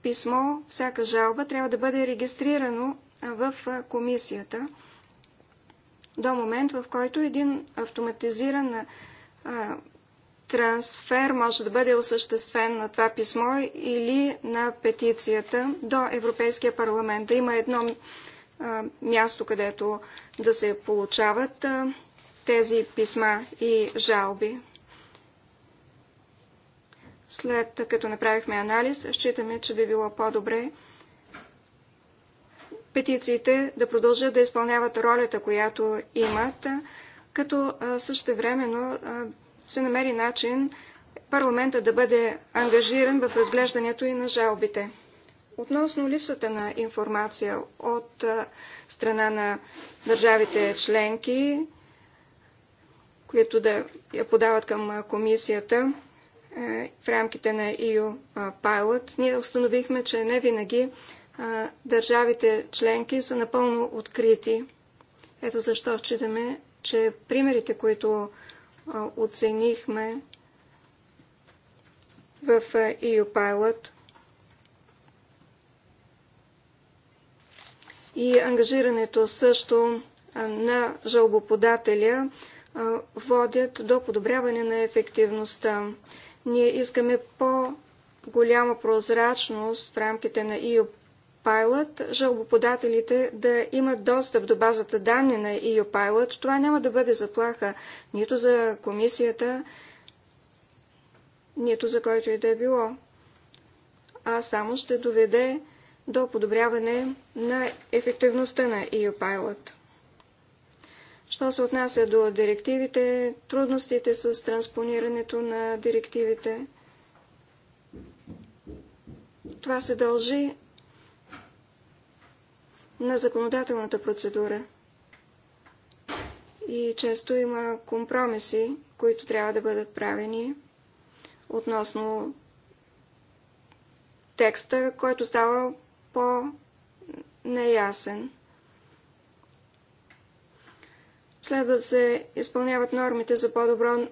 писмо, всяка жалба трябва да бъде регистрирано в комисията до момент, в който един автоматизиран трансфер може да бъде осъществен на това писмо или на петицията до Европейския парламент. Да има едно място, където да се получават тези писма и жалби. След като направихме анализ, считаме, че би било по-добре петициите да продължат да изпълняват ролята, която имат, като същевременно се намери начин парламента да бъде ангажиран в разглеждането и на жалбите. Относно липсата на информация от страна на държавите членки, които да я подават към комисията, е, в рамките на EU Pilot, ние установихме, че не винаги държавите членки са напълно открити. Ето защо считаме, че примерите, които оценихме в EU Pilot и ангажирането също на жалбоподателя водят до подобряване на ефективността. Ние искаме по-голяма прозрачност в рамките на EU Pilot, жалбоподателите да имат достъп до базата данни на EU Pilot. Това няма да бъде заплаха нито за комисията, нито за който и да е било, а само ще доведе до подобряване на ефективността на EU Pilot. Що се отнася до директивите, трудностите с транспонирането на директивите, това се дължи на законодателната процедура. И често има компромиси, които трябва да бъдат правени относно текста, който става по-неясен. Следва да се изпълняват нормите за по-добро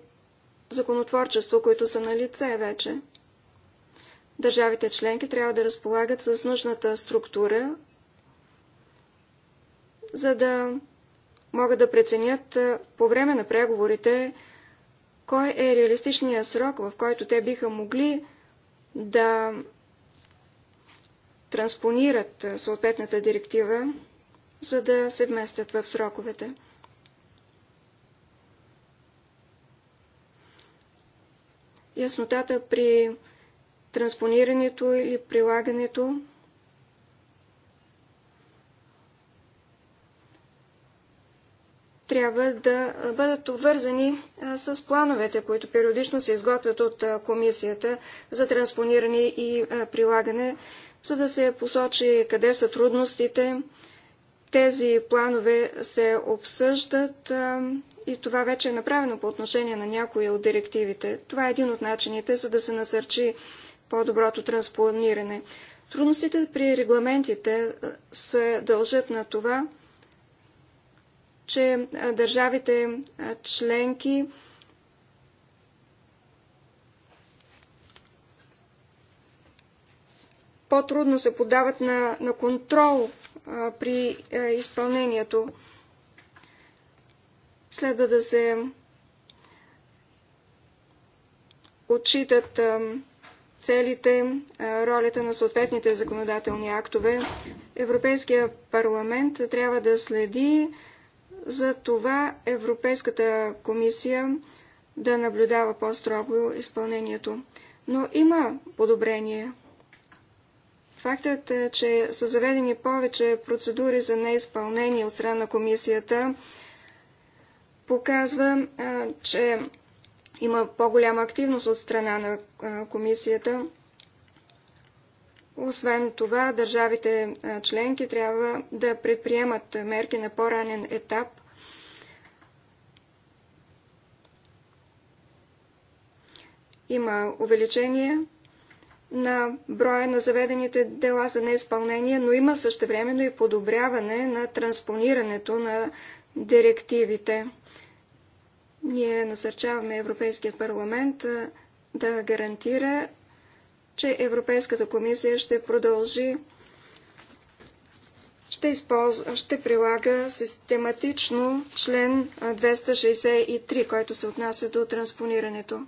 законотворчество, които са на лице вече. Държавите членки трябва да разполагат с нужната структура, за да могат да преценят по време на преговорите кой е реалистичният срок, в който те биха могли да транспонират съответната директива, за да се вместят в сроковете. яснотата при транспонирането или прилагането. трябва да бъдат обвързани с плановете, които периодично се изготвят от комисията за транспониране и прилагане, за да се посочи къде са трудностите. Тези планове се обсъждат и това вече е направено по отношение на някои от директивите. Това е един от начините, за да се насърчи по-доброто транспониране. Трудностите при регламентите се дължат на това, че държавите членки по-трудно се подават на, на контрол а, при а, изпълнението. Следва да се отчитат целите, ролята на съответните законодателни актове. Европейския парламент трябва да следи за това Европейската комисия да наблюдава по-строго изпълнението. Но има подобрение. Фактът е, че са заведени повече процедури за неизпълнение от страна на комисията показва, че има по-голяма активност от страна на комисията. Освен това, държавите членки трябва да предприемат мерки на по-ранен етап. Има увеличение на броя на заведените дела за неизпълнение, но има същевременно и подобряване на транспонирането на директивите. Ние насърчаваме Европейският парламент да гарантира, че Европейската комисия ще продължи, ще, използва, ще прилага систематично член 263, който се отнася до транспонирането.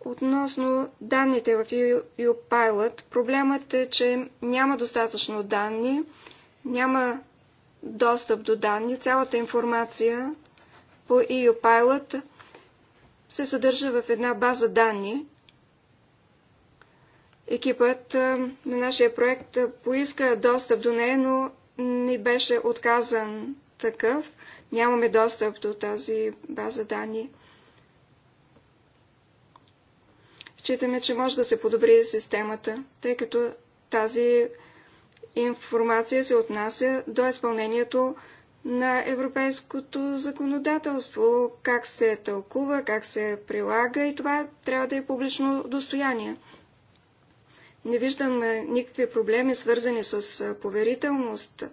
Относно данните в EU-Pilot, проблемът е, че няма достатъчно данни, няма достъп до данни. Цялата информация по EU Pilot се съдържа в една база данни. Екипът на нашия проект поиска достъп до нея, но ни беше отказан такъв. Нямаме достъп до тази база данни. Считаме, че може да се подобри системата, тъй като тази информация се отнася до изпълнението на европейското законодателство, как се тълкува, как се прилага и това трябва да е публично достояние. Не виждам е, никакви проблеми, свързани с е, поверителност.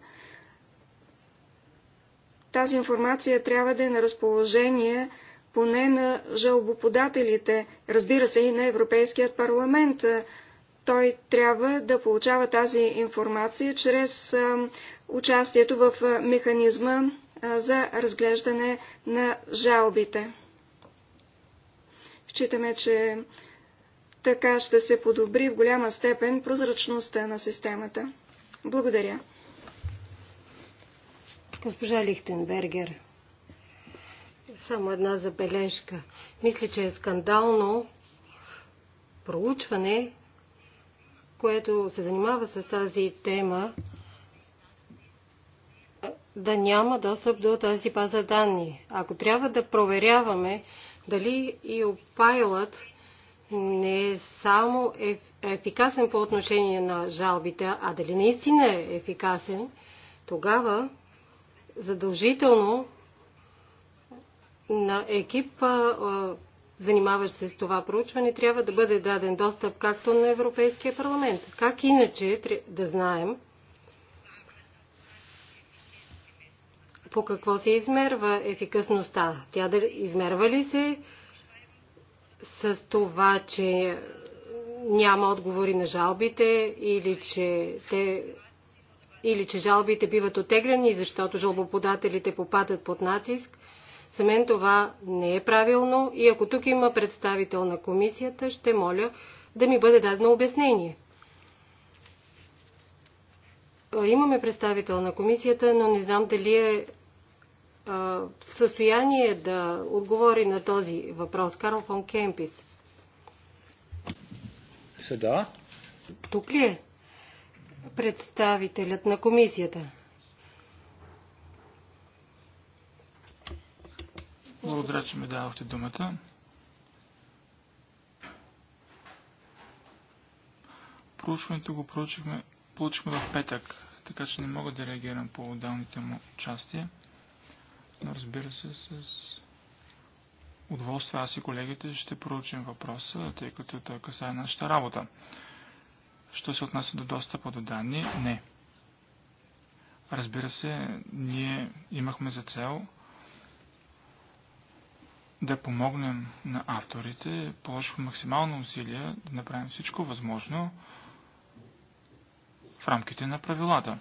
Тази информация трябва да е на разположение поне на жалбоподателите, разбира се и на Европейският парламент, той трябва да получава тази информация чрез участието в механизма за разглеждане на жалбите. Считаме, че така ще се подобри в голяма степен прозрачността на системата. Благодаря. Госпожа Лихтенбергер, само една забележка. Мисля, че е скандално проучване, което се занимава с тази тема, да няма достъп до тази база данни. Ако трябва да проверяваме дали и опайлът не е само ефикасен по отношение на жалбите, а дали наистина е ефикасен, тогава задължително на екипа занимаващ се с това проучване, трябва да бъде даден достъп както на Европейския парламент. Как иначе да знаем по какво се измерва ефикасността? Тя да измерва ли се с това, че няма отговори на жалбите или че те или че жалбите биват отеглени, защото жалбоподателите попадат под натиск – за мен това не е правилно и ако тук има представител на комисията, ще моля да ми бъде дадено обяснение. Имаме представител на комисията, но не знам дали е в състояние да отговори на този въпрос. Карл фон Кемпис. Сега? Тук ли е представителят на комисията? Благодаря, че ми давахте думата. Проучването го проучихме, получихме в петък, така че не мога да реагирам по отделните му части. Но разбира се, с удоволствие аз и колегите ще проучим въпроса, тъй като той касае нашата работа. Що се отнася до достъпа до данни? Не. Разбира се, ние имахме за цел да помогнем на авторите. Положихме максимално усилие да направим всичко възможно в рамките на правилата.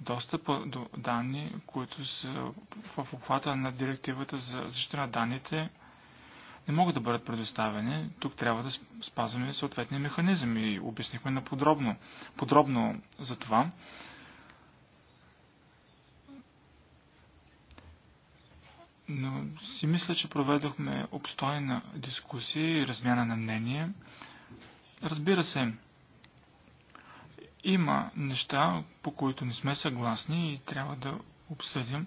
Достъп до данни, които са в обхвата на директивата за защита на данните, не могат да бъдат предоставени. Тук трябва да спазваме съответния механизъм и обяснихме на подробно, подробно за това. Но си мисля, че проведохме обстойна дискусия и размяна на мнение. Разбира се, има неща, по които не сме съгласни и трябва да обсъдим,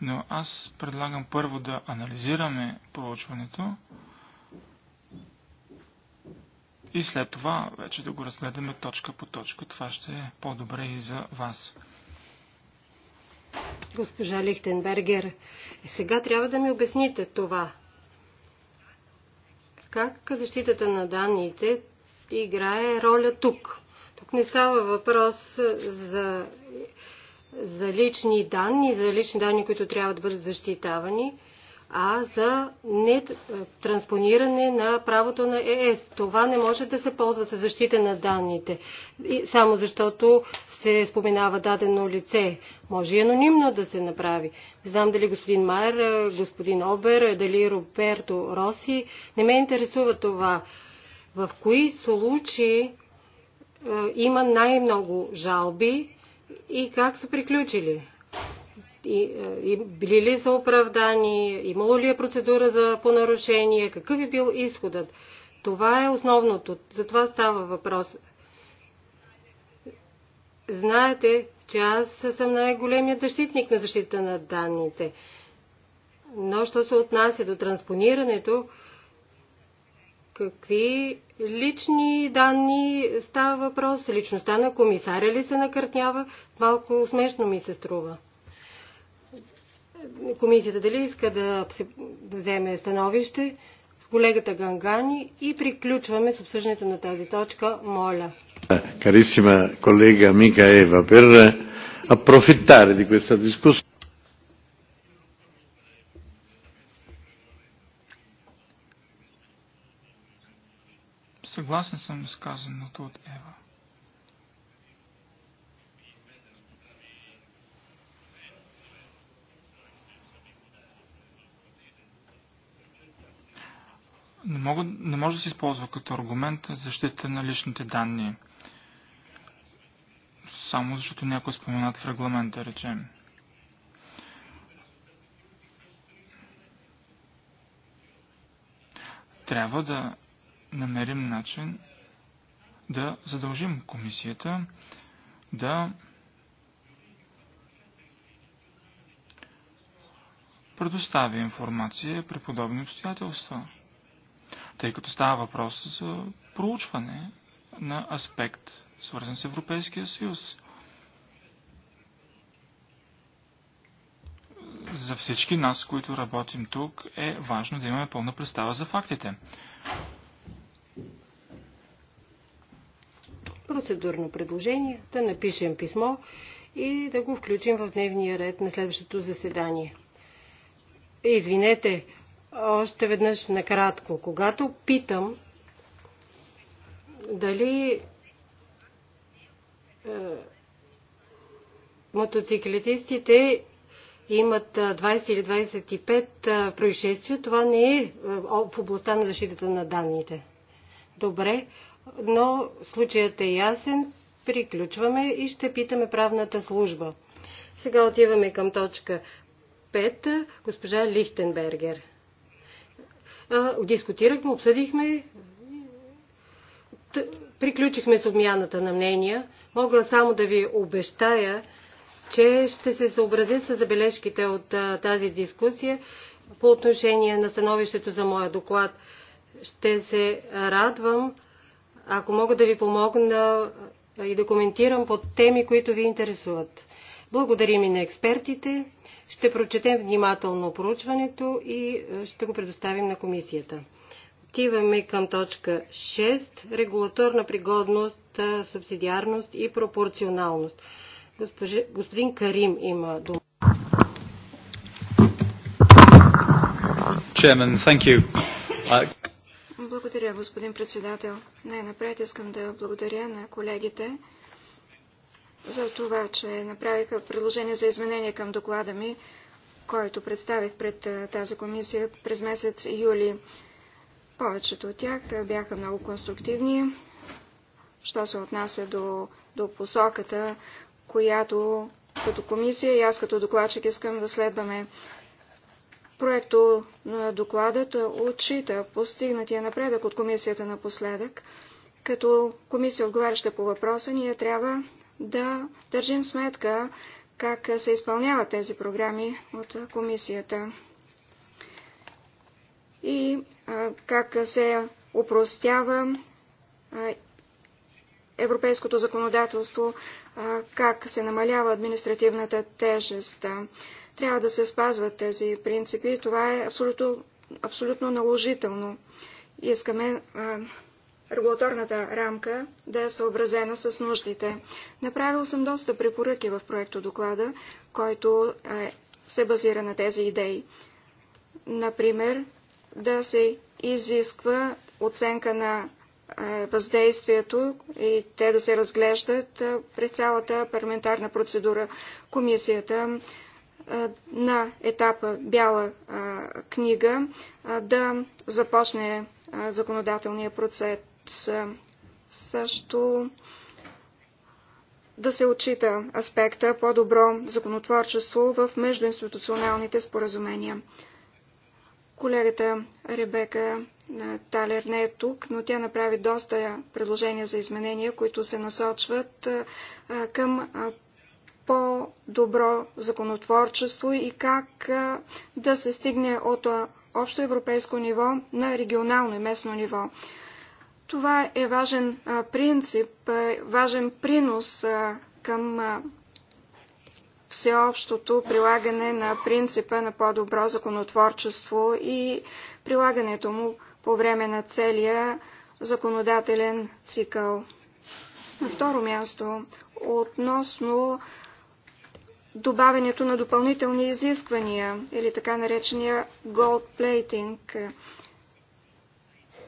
но аз предлагам първо да анализираме проучването и след това вече да го разгледаме точка по точка. Това ще е по-добре и за вас госпожа Лихтенбергер. Е, сега трябва да ми обясните това. Как защитата на данните играе роля тук? Тук не става въпрос за, за лични данни, за лични данни, които трябва да бъдат защитавани а за нетранспониране на правото на ЕС. Това не може да се ползва за защита на данните, само защото се споменава дадено лице. Може и анонимно да се направи. Не знам дали господин Майер, е, господин Обер, е, дали Роберто Роси. Не ме интересува това. В кои случаи е, има най-много жалби и как са приключили? и, е, и били ли са оправдани, имало ли е процедура за понарушение, какъв е бил изходът. Това е основното. За това става въпрос. Знаете, че аз съм най-големият защитник на защита на данните. Но, що се отнася до транспонирането, какви лични данни става въпрос, личността на комисаря ли се накъртнява, малко смешно ми се струва комисията дали иска да, да вземе становище с колегата Гангани и приключваме с обсъждането на тази точка. Моля. Карисима колега Мика Ева, per approfittare ди questa дискусия. Съгласен съм с казаното от Ева. не, мога, не може да се използва като аргумент защита на личните данни. Само защото някой споменат в регламента, речем. Трябва да намерим начин да задължим комисията да предоставя информация при подобни обстоятелства тъй като става въпрос за проучване на аспект, свързан с Европейския съюз. За всички нас, които работим тук, е важно да имаме пълна представа за фактите. Процедурно предложение да напишем писмо и да го включим в дневния ред на следващото заседание. Извинете, още веднъж накратко. Когато питам дали е, мотоциклетистите имат 20 е, или 25 е, происшествия, това не е, е в областта на защитата на данните. Добре, но случаят е ясен. Приключваме и ще питаме правната служба. Сега отиваме към точка 5. Госпожа Лихтенбергер дискутирахме, обсъдихме, приключихме с обмяната на мнения. Мога само да ви обещая, че ще се съобразя с забележките от тази дискусия по отношение на становището за моя доклад. Ще се радвам, ако мога да ви помогна и да коментирам по теми, които ви интересуват. Благодарим и на експертите. Ще прочетем внимателно проучването и е, ще го предоставим на комисията. Отиваме към точка 6. Регулаторна пригодност, е, субсидиарност и пропорционалност. Госпожи, господин Карим има дума. Chairman, thank you. Uh... Благодаря, господин председател. Най-напред искам да благодаря на колегите, за това, че направиха предложение за изменение към доклада ми, който представих пред тази комисия през месец юли. Повечето от тях бяха много конструктивни, що се отнася до, до посоката, която като комисия и аз като докладчик искам да следваме. Проекто на докладът отчита постигнатия напредък от комисията напоследък. Като комисия отговаряща по въпроса, ние трябва да държим сметка как се изпълняват тези програми от комисията и как се упростява европейското законодателство, как се намалява административната тежест. Трябва да се спазват тези принципи. Това е абсолютно, абсолютно наложително. Искаме регулаторната рамка да е съобразена с нуждите. Направил съм доста препоръки в проекто доклада, който е, се базира на тези идеи. Например, да се изисква оценка на е, въздействието и те да се разглеждат е, при цялата парламентарна процедура. Комисията е, на етапа бяла е, книга е, да започне законодателния процес, също да се отчита аспекта по-добро законотворчество в междуинституционалните споразумения. Колегата Ребека Талер не е тук, но тя направи доста предложения за изменения, които се насочват към по-добро законотворчество и как да се стигне от общо европейско ниво на регионално и местно ниво. Това е важен принцип, важен принос към всеобщото прилагане на принципа на по-добро законотворчество и прилагането му по време на целия законодателен цикъл. На второ място, относно добавянето на допълнителни изисквания или така наречения gold plating.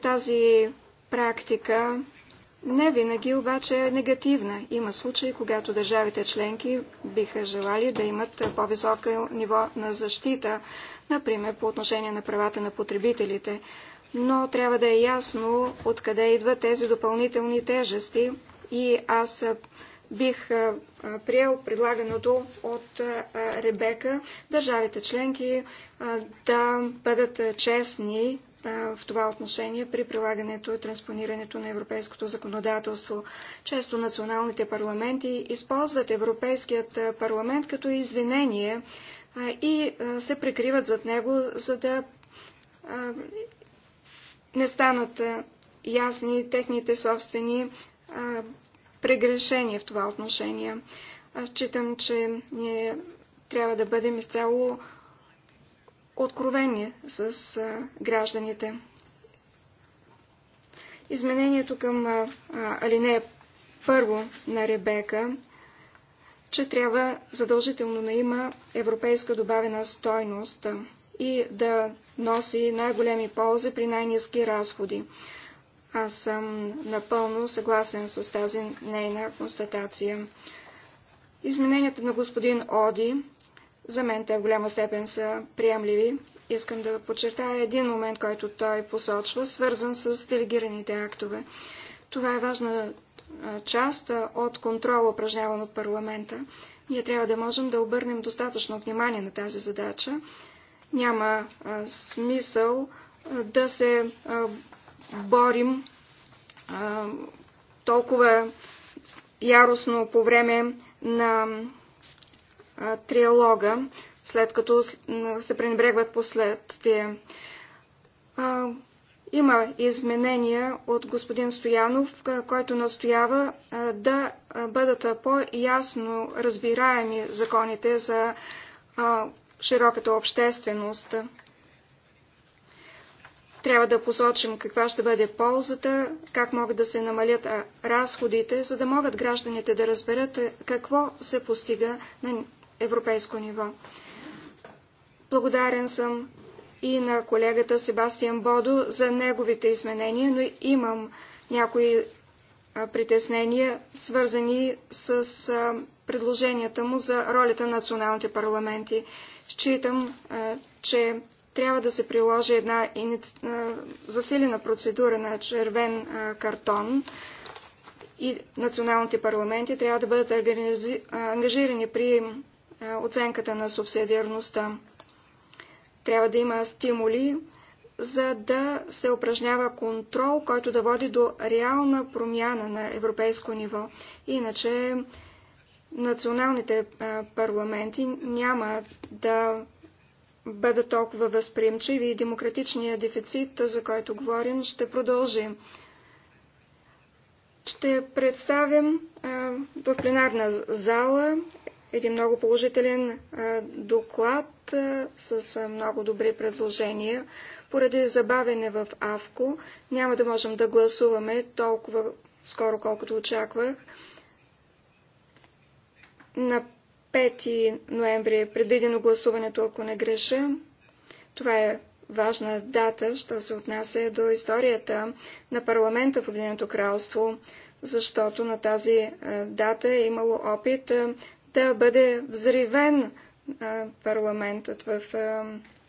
Тази практика не винаги обаче е негативна. Има случаи, когато държавите членки биха желали да имат по-високо ниво на защита, например по отношение на правата на потребителите. Но трябва да е ясно откъде идват тези допълнителни тежести и аз бих приел предлаганото от Ребека държавите членки да бъдат честни в това отношение при прилагането и транспонирането на европейското законодателство. Често националните парламенти използват Европейският парламент като извинение и се прикриват зад него, за да не станат ясни техните собствени прегрешения в това отношение. Аз считам, че ние трябва да бъдем изцяло откровени с гражданите. Изменението към алинея първо на Ребека, че трябва задължително да има европейска добавена стойност и да носи най-големи ползи при най-низки разходи. Аз съм напълно съгласен с тази нейна констатация. Измененията на господин Оди за мен те в голяма степен са приемливи. Искам да подчертая един момент, който той посочва, свързан с делегираните актове. Това е важна част от контрола, упражняван от парламента. Ние трябва да можем да обърнем достатъчно внимание на тази задача. Няма смисъл да се борим толкова яростно по време на триалога, след като се пренебрегват последствия. Има изменения от господин Стоянов, който настоява да бъдат по-ясно разбираеми законите за широката общественост. Трябва да посочим каква ще бъде ползата, как могат да се намалят разходите, за да могат гражданите да разберат какво се постига на европейско ниво. Благодарен съм и на колегата Себастиан Бодо за неговите изменения, но имам някои притеснения, свързани с предложенията му за ролята на националните парламенти. Считам, че трябва да се приложи една засилена процедура на червен картон и националните парламенти трябва да бъдат ангажирани при оценката на субсидиарността. Трябва да има стимули, за да се упражнява контрол, който да води до реална промяна на европейско ниво. Иначе националните парламенти няма да бъдат толкова възприемчиви и демократичният дефицит, за който говорим, ще продължи. Ще представим в пленарна зала един много положителен доклад с много добри предложения. Поради забавене в АВКО няма да можем да гласуваме толкова скоро, колкото очаквах. На 5 ноември е предвидено гласуването, ако не греша. Това е важна дата, що се отнася до историята на парламента в Обединеното кралство, защото на тази дата е имало опит да бъде взривен парламентът в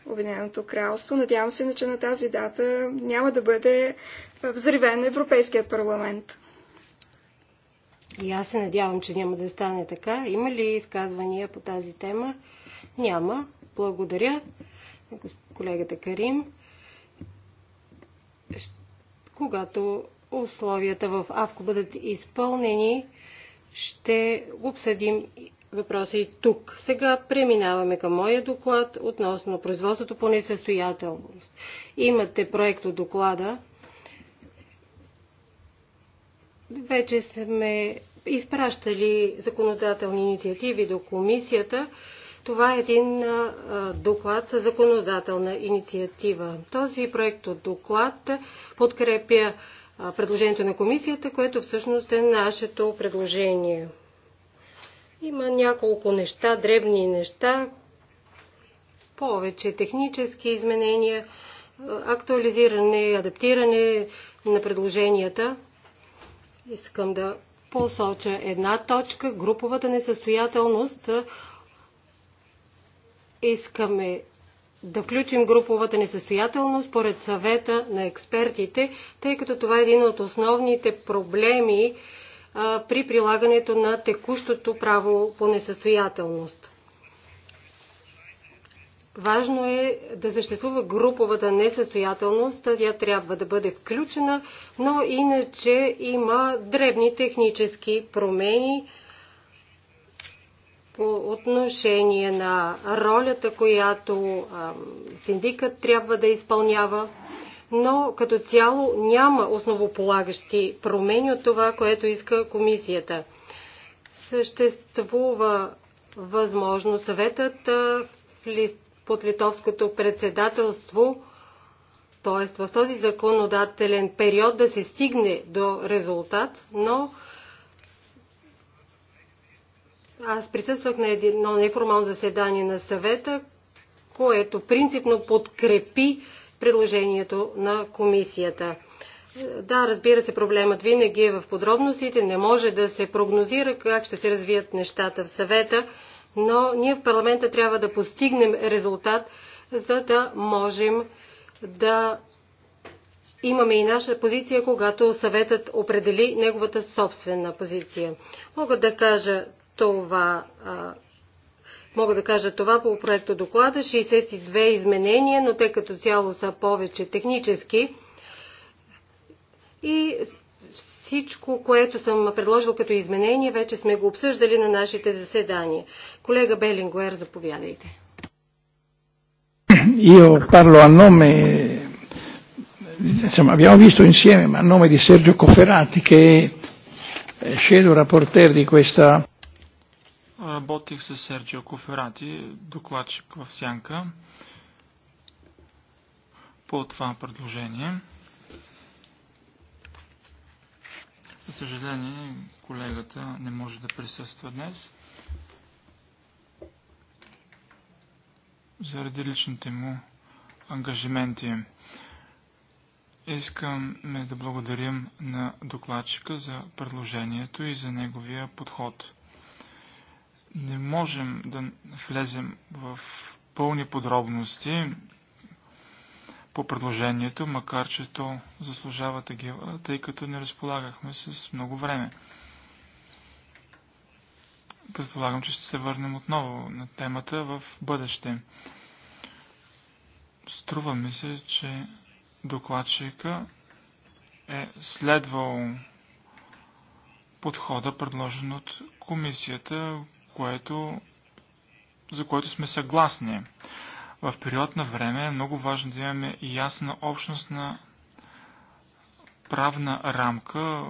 Обединеното кралство. Надявам се, че на тази дата няма да бъде взривен Европейският парламент. И аз се надявам, че няма да стане така. Има ли изказвания по тази тема? Няма. Благодаря. Колегата Карим. Когато условията в АВКО бъдат изпълнени, ще обсъдим въпроса и тук. Сега преминаваме към моя доклад относно производството по несъстоятелност. Имате проект от доклада. Вече сме изпращали законодателни инициативи до комисията. Това е един доклад със законодателна инициатива. Този проект от доклад подкрепя предложението на комисията, което всъщност е нашето предложение. Има няколко неща, дребни неща, повече технически изменения, актуализиране, адаптиране на предложенията. Искам да посоча една точка. Груповата несъстоятелност. Искаме да включим груповата несъстоятелност поред съвета на експертите, тъй като това е един от основните проблеми, при прилагането на текущото право по несъстоятелност. Важно е да съществува груповата несъстоятелност, тя трябва да бъде включена, но иначе има дребни технически промени по отношение на ролята, която синдикът трябва да изпълнява но като цяло няма основополагащи промени от това, което иска комисията. Съществува възможно съветът под литовското председателство, т.е. в този законодателен период да се стигне до резултат, но аз присъствах на едно неформално заседание на съвета, което принципно подкрепи предложението на комисията. Да, разбира се, проблемът винаги е в подробностите. Не може да се прогнозира как ще се развият нещата в съвета, но ние в парламента трябва да постигнем резултат, за да можем да имаме и наша позиция, когато съветът определи неговата собствена позиция. Мога да кажа това Мога да кажа това по проекта доклада. 62 изменения, но те като цяло са повече технически. И всичко, което съм предложил като изменение, вече сме го обсъждали на нашите заседания. Колега Белингуер, заповядайте. Io parlo a nome, insomma abbiamo visto insieme, ma a nome di Sergio Cofferati che è scelto rapporter di questa работих с Серджио Коферати, докладчик в Сянка, по това предложение. За съжаление, колегата не може да присъства днес. Заради личните му ангажименти. Искаме да благодарим на докладчика за предложението и за неговия подход. Не можем да влезем в пълни подробности по предложението, макар че то заслужава такива, тъй като не разполагахме с много време. Предполагам, че ще се върнем отново на темата в бъдеще. Струва ми се, че докладчика е следвал подхода, предложен от комисията, което, за което сме съгласни. В период на време е много важно да имаме ясна общност на правна рамка,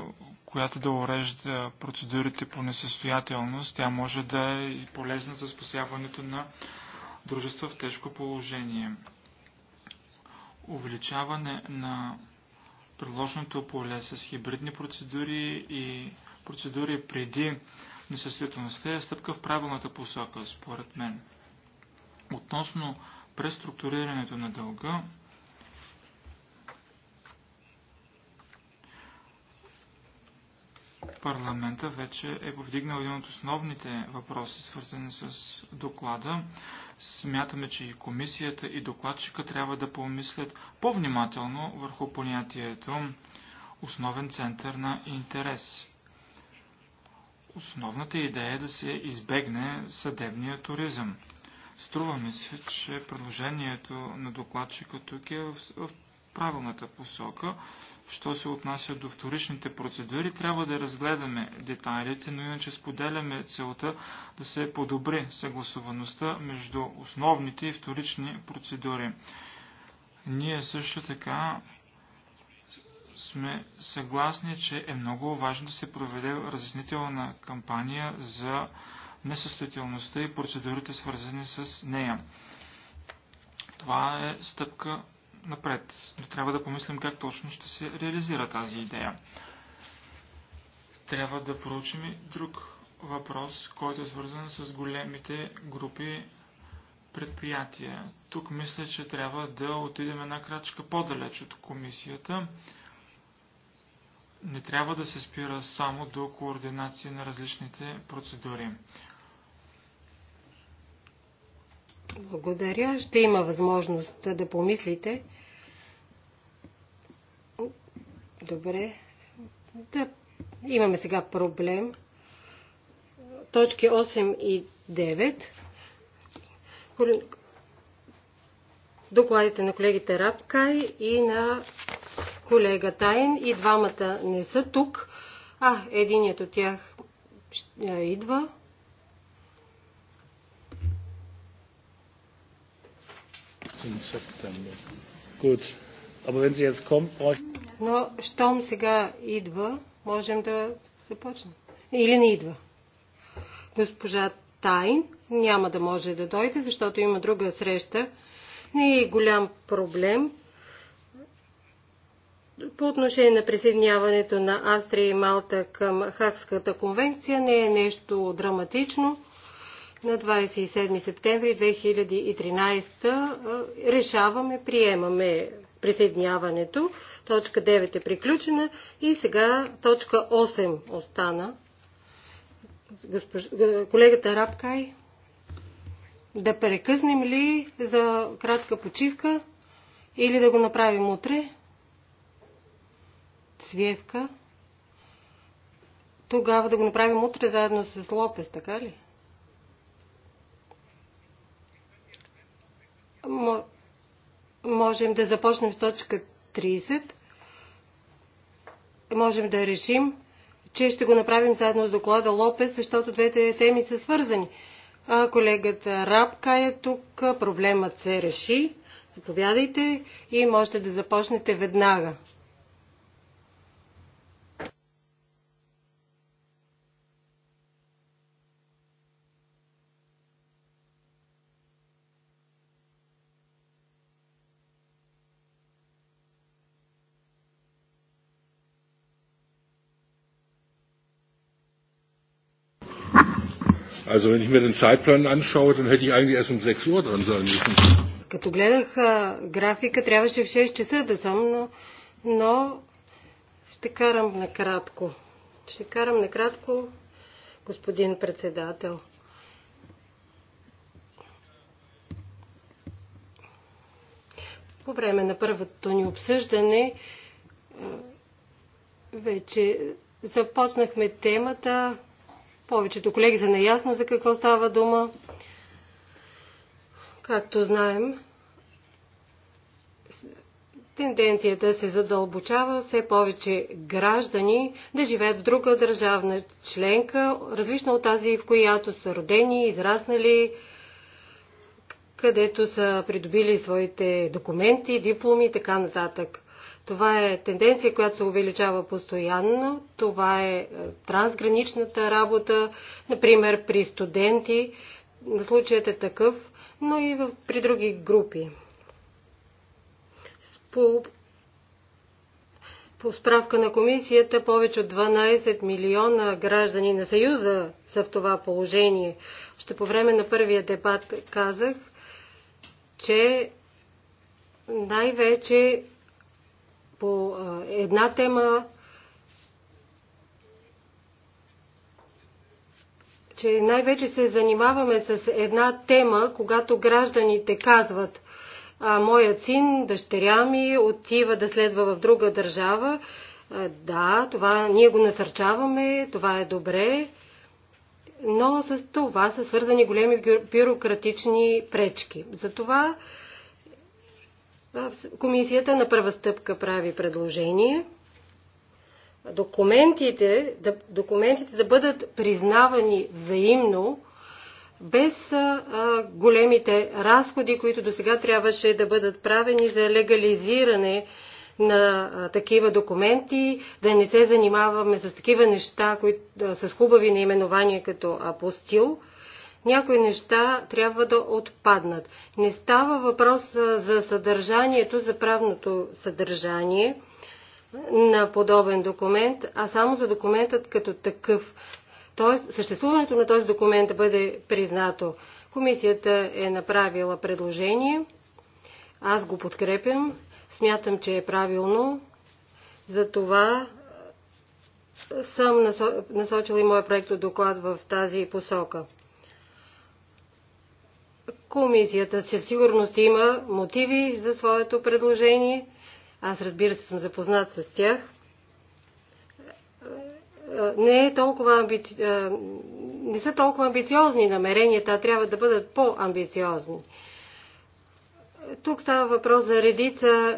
която да урежда процедурите по несъстоятелност. Тя може да е полезна за спасяването на дружества в тежко положение. Увеличаване на предложеното поле с хибридни процедури и процедури преди Несъстоятелността е стъпка в правилната посока, според мен. Относно преструктурирането на дълга, парламента вече е повдигнал един от основните въпроси, свързани с доклада. Смятаме, че и комисията, и докладчика трябва да помислят по-внимателно върху понятието основен център на интерес. Основната идея е да се избегне съдебния туризъм. Струва ми се, че предложението на докладчика тук е в правилната посока. Що се отнася до вторичните процедури, трябва да разгледаме детайлите, но иначе споделяме целта да се подобри съгласуваността между основните и вторични процедури. Ние също така сме съгласни, че е много важно да се проведе разяснителна кампания за несъстоятелността и процедурите свързани с нея. Това е стъпка напред, но трябва да помислим как точно ще се реализира тази идея. Трябва да проучим и друг въпрос, който е свързан с големите групи предприятия. Тук мисля, че трябва да отидем една крачка по-далеч от комисията не трябва да се спира само до координация на различните процедури. Благодаря. Ще има възможност да помислите. Добре. Да. Имаме сега проблем. Точки 8 и 9. Докладите на колегите Рапкай и на колега Тайн и двамата не са тук. А, единият от тях е, идва. Но, щом сега идва, можем да започнем. Или не идва. Госпожа Тайн няма да може да дойде, защото има друга среща. Не е голям проблем по отношение на присъединяването на Австрия и Малта към Хакската конвенция не е нещо драматично. На 27 септември 2013 решаваме, приемаме присъединяването. Точка 9 е приключена и сега точка 8 остана. Госпож... Колегата Рапкай, да прекъснем ли за кратка почивка или да го направим утре? Цвевка. Тогава да го направим утре заедно с Лопес, така ли? Можем да започнем с точка 30. Можем да решим, че ще го направим заедно с доклада Лопес, защото двете теми са свързани. А, колегата Рапка е тук, проблемът се реши. Заповядайте и можете да започнете веднага. Also wenn ich mir den Zeitplan anschaue, dann hätte ich eigentlich erst um 6 Uhr dran sein müssen. Като гледах а, графика, трябваше в 6 часа да съм, но, но ще карам накратко. Ще карам накратко, господин председател. По време на първото ни обсъждане вече започнахме темата повечето колеги са наясно за какво става дума. Както знаем, тенденцията се задълбочава все повече граждани да живеят в друга държавна членка, различна от тази, в която са родени, израснали, където са придобили своите документи, дипломи и така нататък. Това е тенденция, която се увеличава постоянно. Това е, е трансграничната работа, например при студенти. На случаят е такъв, но и при други групи. По, по справка на комисията, повече от 12 милиона граждани на Съюза са в това положение. Още по време на първия дебат казах, че най-вече по една тема, че най-вече се занимаваме с една тема, когато гражданите казват а, моят син, дъщеря ми отива да следва в друга държава. А, да, това ние го насърчаваме, това е добре, но с това са свързани големи бюрократични пречки. Затова комисията на първа стъпка прави предложение документите да, документите да бъдат признавани взаимно, без а, големите разходи, които до сега трябваше да бъдат правени за легализиране на а, такива документи, да не се занимаваме с такива неща, които а, с хубави наименования като апостил някои неща трябва да отпаднат. Не става въпрос за съдържанието, за правното съдържание на подобен документ, а само за документът като такъв. Тоест, съществуването на този документ да бъде признато. Комисията е направила предложение. Аз го подкрепям. Смятам, че е правилно. Затова съм насочила и моя проект от доклад в тази посока. Комисията със сигурност има мотиви за своето предложение. Аз разбира се съм запознат с тях. Не, е толкова амбици... не са толкова амбициозни намеренията, а трябва да бъдат по-амбициозни. Тук става въпрос за редица,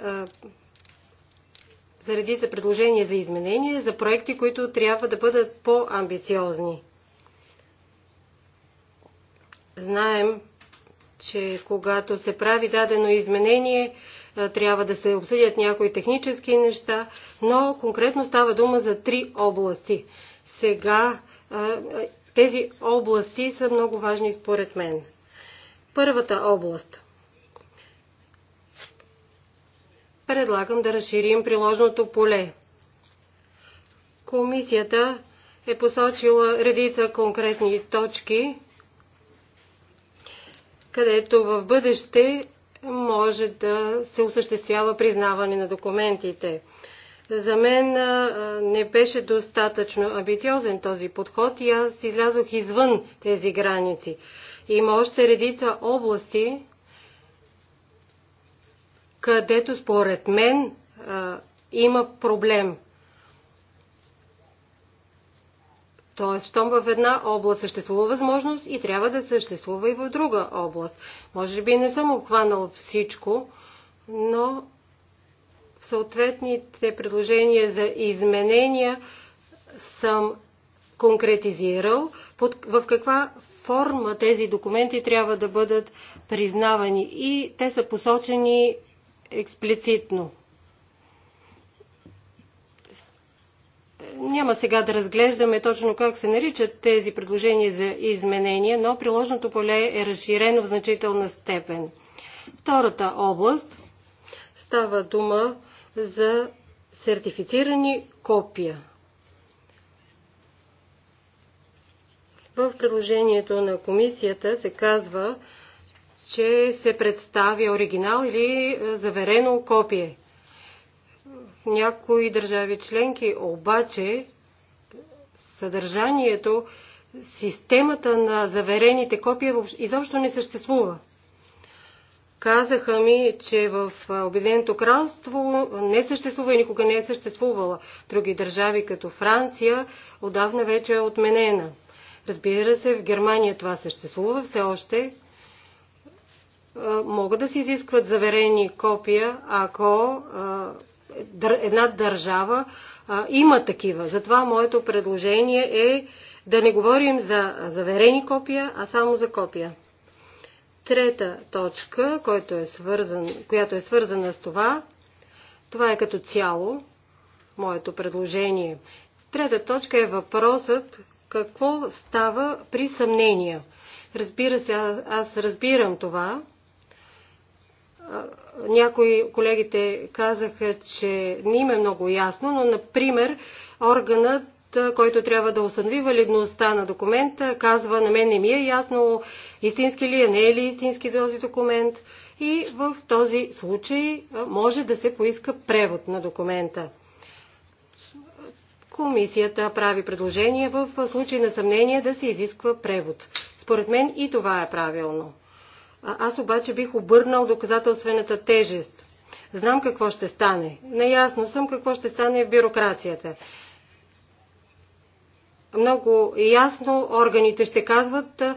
за редица предложения за изменения, за проекти, които трябва да бъдат по-амбициозни. Знаем, че когато се прави дадено изменение, е, трябва да се обсъдят някои технически неща, но конкретно става дума за три области. Сега е, тези области са много важни според мен. Първата област. Предлагам да разширим приложното поле. Комисията е посочила редица конкретни точки, където в бъдеще може да се осъществява признаване на документите. За мен не беше достатъчно амбициозен този подход и аз излязох извън тези граници. Има още редица области, където според мен има проблем. Тоест, щом в една област съществува възможност и трябва да съществува и в друга област. Може би не съм обхванал всичко, но в съответните предложения за изменения съм конкретизирал под, в каква форма тези документи трябва да бъдат признавани и те са посочени експлицитно. няма сега да разглеждаме точно как се наричат тези предложения за изменения, но приложното поле е разширено в значителна степен. Втората област става дума за сертифицирани копия. В предложението на комисията се казва, че се представя оригинал или заверено копие някои държави членки, обаче съдържанието, системата на заверените копия изобщо не съществува. Казаха ми, че в Обединеното кралство не съществува и никога не е съществувала. Други държави, като Франция, отдавна вече е отменена. Разбира се, в Германия това съществува все още. Могат да се изискват заверени копия, ако една държава а, има такива. Затова моето предложение е да не говорим за заверени копия, а само за копия. Трета точка, която е, свързан, която е свързана с това, това е като цяло моето предложение. Трета точка е въпросът какво става при съмнения. Разбира се, аз разбирам това, някои колегите казаха, че не им е много ясно, но, например, органът който трябва да установи валидността на документа, казва, на мен не ми е ясно истински ли е, не е ли истински този документ. И в този случай може да се поиска превод на документа. Комисията прави предложение в случай на съмнение да се изисква превод. Според мен и това е правилно. Аз обаче бих обърнал доказателствената тежест. Знам какво ще стане. Наясно съм какво ще стане в бюрокрацията. Много ясно органите ще казват, а,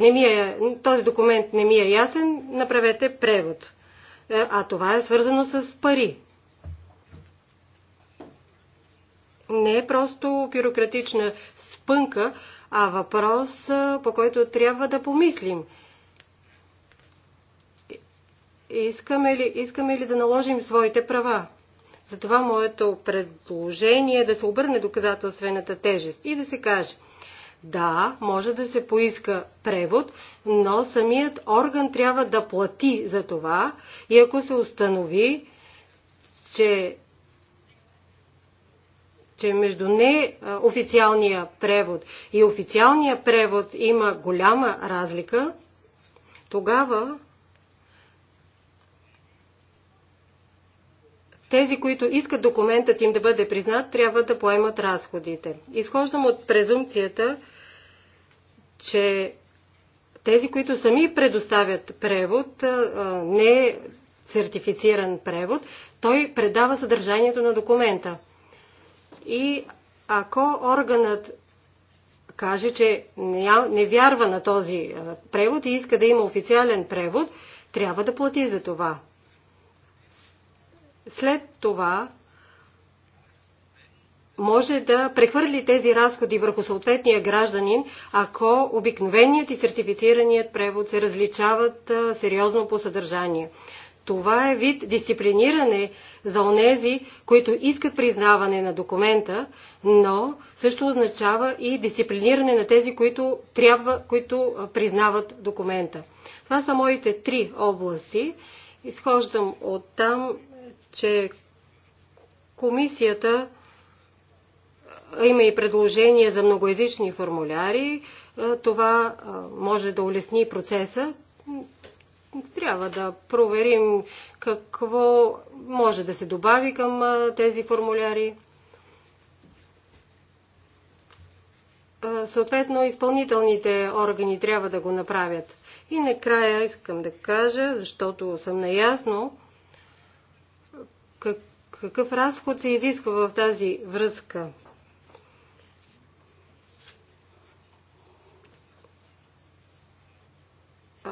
не ми е, този документ не ми е ясен, направете превод. Е, а това е свързано с пари. Не е просто бюрократична спънка, а въпрос, по който трябва да помислим – Искаме ли, искаме ли да наложим своите права? Затова моето предложение е да се обърне доказателствената тежест и да се каже – да, може да се поиска превод, но самият орган трябва да плати за това и ако се установи, че, че между неофициалния превод и официалния превод има голяма разлика, тогава Тези, които искат документът им да бъде признат, трябва да поемат разходите. Изхождам от презумцията, че тези, които сами предоставят превод, не е сертифициран превод, той предава съдържанието на документа. И ако органът каже, че не вярва на този превод и иска да има официален превод, трябва да плати за това след това може да прехвърли тези разходи върху съответния гражданин, ако обикновеният и сертифицираният превод се различават сериозно по съдържание. Това е вид дисциплиниране за онези, които искат признаване на документа, но също означава и дисциплиниране на тези, които, трябва, които признават документа. Това са моите три области. Изхождам от там, че комисията има и предложение за многоязични формуляри. Това може да улесни процеса. Трябва да проверим какво може да се добави към тези формуляри. Съответно, изпълнителните органи трябва да го направят. И накрая искам да кажа, защото съм наясно, какъв разход се изисква в тази връзка?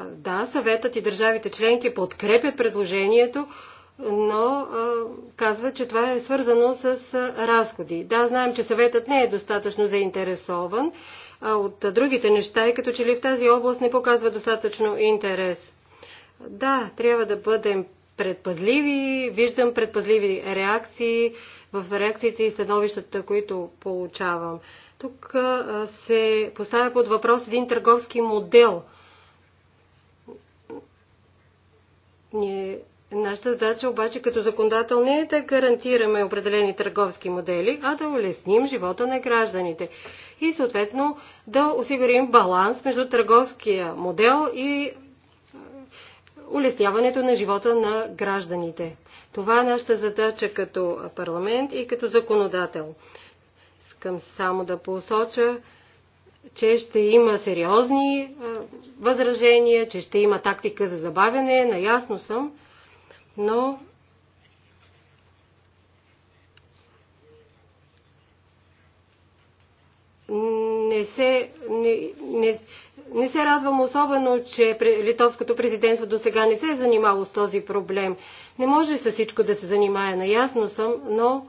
Да, съветът и държавите членки подкрепят предложението, но казва, че това е свързано с разходи. Да, знаем, че съветът не е достатъчно заинтересован от другите неща и като че ли в тази област не показва достатъчно интерес. Да, трябва да бъдем предпазливи, виждам предпазливи реакции в реакциите и съдовищата, които получавам. Тук се поставя под въпрос един търговски модел. нашата задача обаче като законодател не е да гарантираме определени търговски модели, а да улесним живота на гражданите и съответно да осигурим баланс между търговския модел и улесняването на живота на гражданите. Това е нашата задача като парламент и като законодател. Искам само да посоча, че ще има сериозни възражения, че ще има тактика за забавяне, наясно съм, но не се, не, не, не се радвам особено, че литовското президентство до сега не се е занимало с този проблем. Не може с всичко да се занимае, наясно съм, но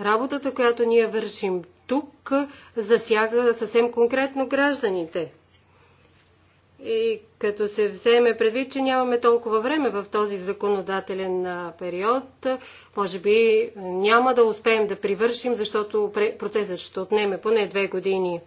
работата, която ние вършим тук, засяга съвсем конкретно гражданите. И като се вземе предвид, че нямаме толкова време в този законодателен период, може би няма да успеем да привършим, защото процесът ще отнеме поне две години.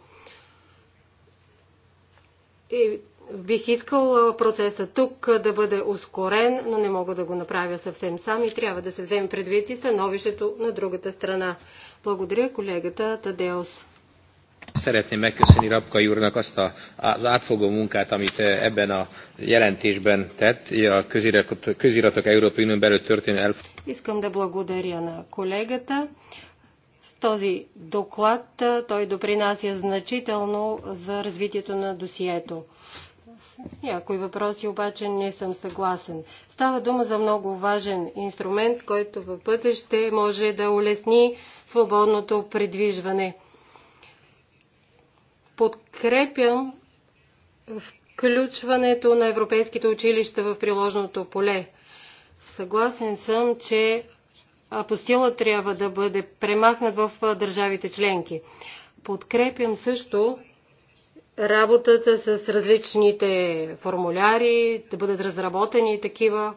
И бих искал процеса тук да бъде ускорен, но не мога да го направя съвсем сам и трябва да се вземе предвид и становището на другата страна. Благодаря колегата Тадеос. Szeretném megköszönni Rabkai úrnak azt a, az átfogó munkát, amit e, ebben a jelentésben tett, a köziratok, köziratok Európai Unión belül történő el... Искам да благодаря на колегата този доклад. Той допринася значително за развитието на досието. С някои въпроси обаче не съм съгласен. Става дума за много важен инструмент, който в бъдеще може да улесни свободното придвижване. Подкрепям включването на европейските училища в приложното поле. Съгласен съм, че апостила трябва да бъде премахнат в държавите членки. Подкрепям също работата с различните формуляри, да бъдат разработени такива.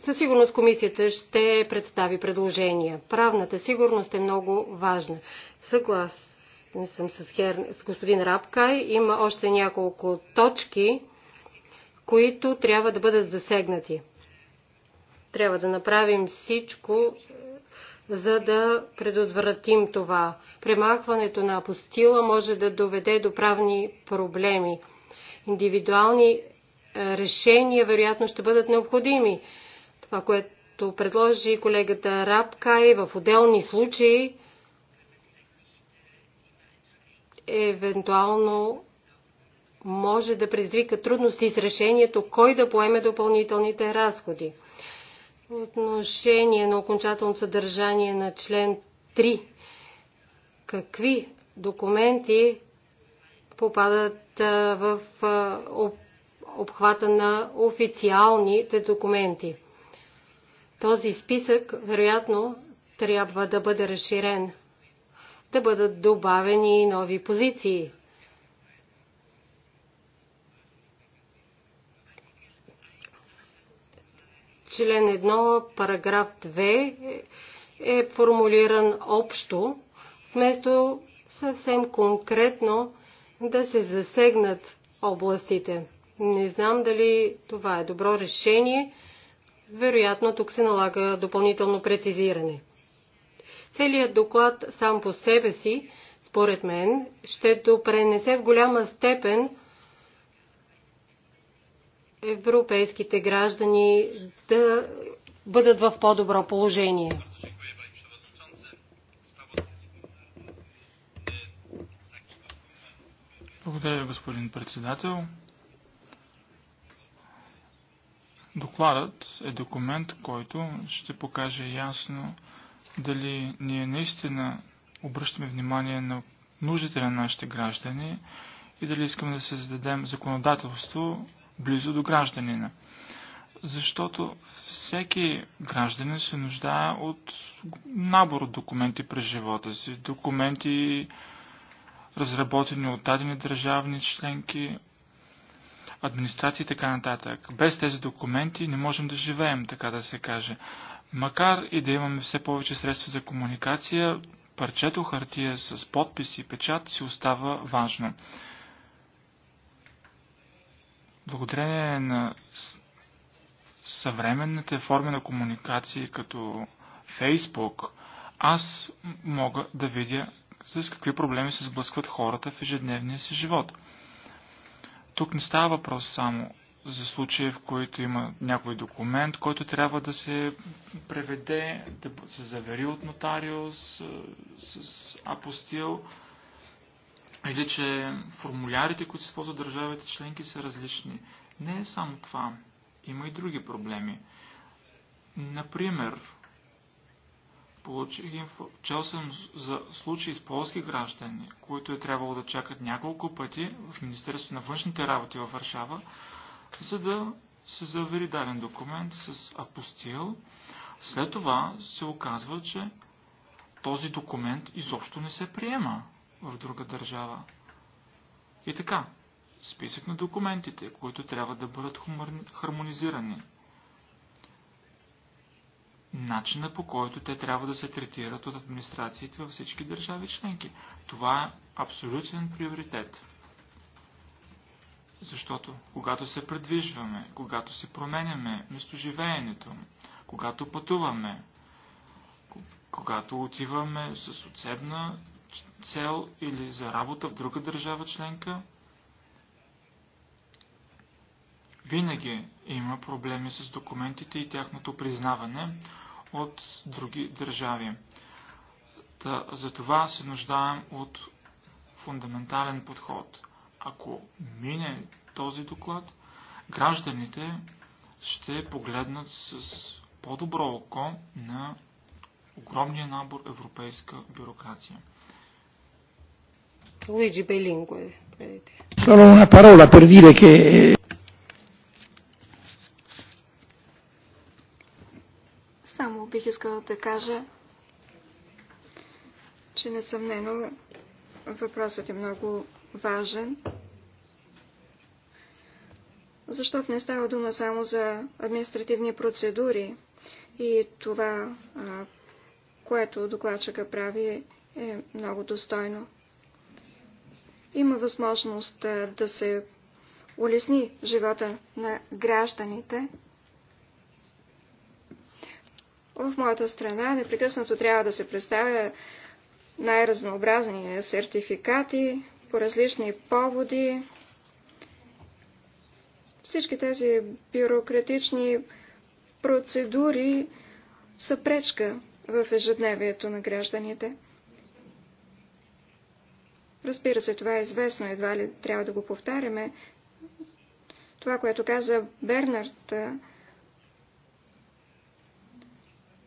Със сигурност комисията ще представи предложения. Правната сигурност е много важна. Съгласен съм с, хер... с господин Рапкай. Има още няколко точки, които трябва да бъдат засегнати. Трябва да направим всичко, за да предотвратим това. Премахването на апостила може да доведе до правни проблеми. Индивидуални е, решения вероятно ще бъдат необходими. Това, което предложи колегата Рабкай в отделни случаи, евентуално може да предизвика трудности с решението кой да поеме допълнителните разходи. По отношение на окончателното съдържание на член 3, какви документи попадат в обхвата на официалните документи? Този списък, вероятно, трябва да бъде разширен, да бъдат добавени нови позиции – член 1, параграф 2 е формулиран общо, вместо съвсем конкретно да се засегнат областите. Не знам дали това е добро решение. Вероятно тук се налага допълнително прецизиране. Целият доклад сам по себе си, според мен, ще допренесе в голяма степен европейските граждани да бъдат в по-добро положение. Благодаря, господин председател. Докладът е документ, който ще покаже ясно дали ние наистина обръщаме внимание на нуждите на нашите граждани и дали искаме да създадем законодателство, близо до гражданина. Защото всеки гражданин се нуждае от набор от документи през живота си. Документи, разработени от дадени държавни членки, администрации и така нататък. Без тези документи не можем да живеем, така да се каже. Макар и да имаме все повече средства за комуникация, парчето хартия с подпис и печат си остава важно. Благодарение на съвременните форми на комуникации, като Фейсбук, аз мога да видя с какви проблеми се сблъскват хората в ежедневния си живот. Тук не става въпрос само за случаи, в които има някой документ, който трябва да се преведе, да се завери от нотариус с апостил или че формулярите, които се използват държавите членки, са различни. Не е само това. Има и други проблеми. Например, получих инфо, чел съм за случаи с полски граждани, които е трябвало да чакат няколко пъти в Министерството на външните работи във Варшава, за да се завери даден документ с апостил. След това се оказва, че този документ изобщо не се приема в друга държава. И така, списък на документите, които трябва да бъдат хармонизирани. Начина по който те трябва да се третират от администрациите във всички държави членки. Това е абсолютен приоритет. Защото когато се предвижваме, когато се променяме местоживеенето, когато пътуваме, когато отиваме с отседна цел или за работа в друга държава членка, винаги има проблеми с документите и тяхното признаване от други държави. Та, затова се нуждаем от фундаментален подход. Ако мине този доклад, гражданите ще погледнат с по-добро око на огромния набор европейска бюрокрация. Luigi Bilingue. Solo una parola per dire che... Само бих искала да кажа, че несъмнено въпросът е много важен, защото не става дума само за административни процедури и това, което докладчика прави, е много достойно има възможност е, да се улесни живота на гражданите. В моята страна непрекъснато трябва да се представя най-разнообразни сертификати по различни поводи. Всички тези бюрократични процедури са пречка в ежедневието на гражданите. Разбира се, това е известно, едва ли трябва да го повтаряме. Това, което каза Бернард,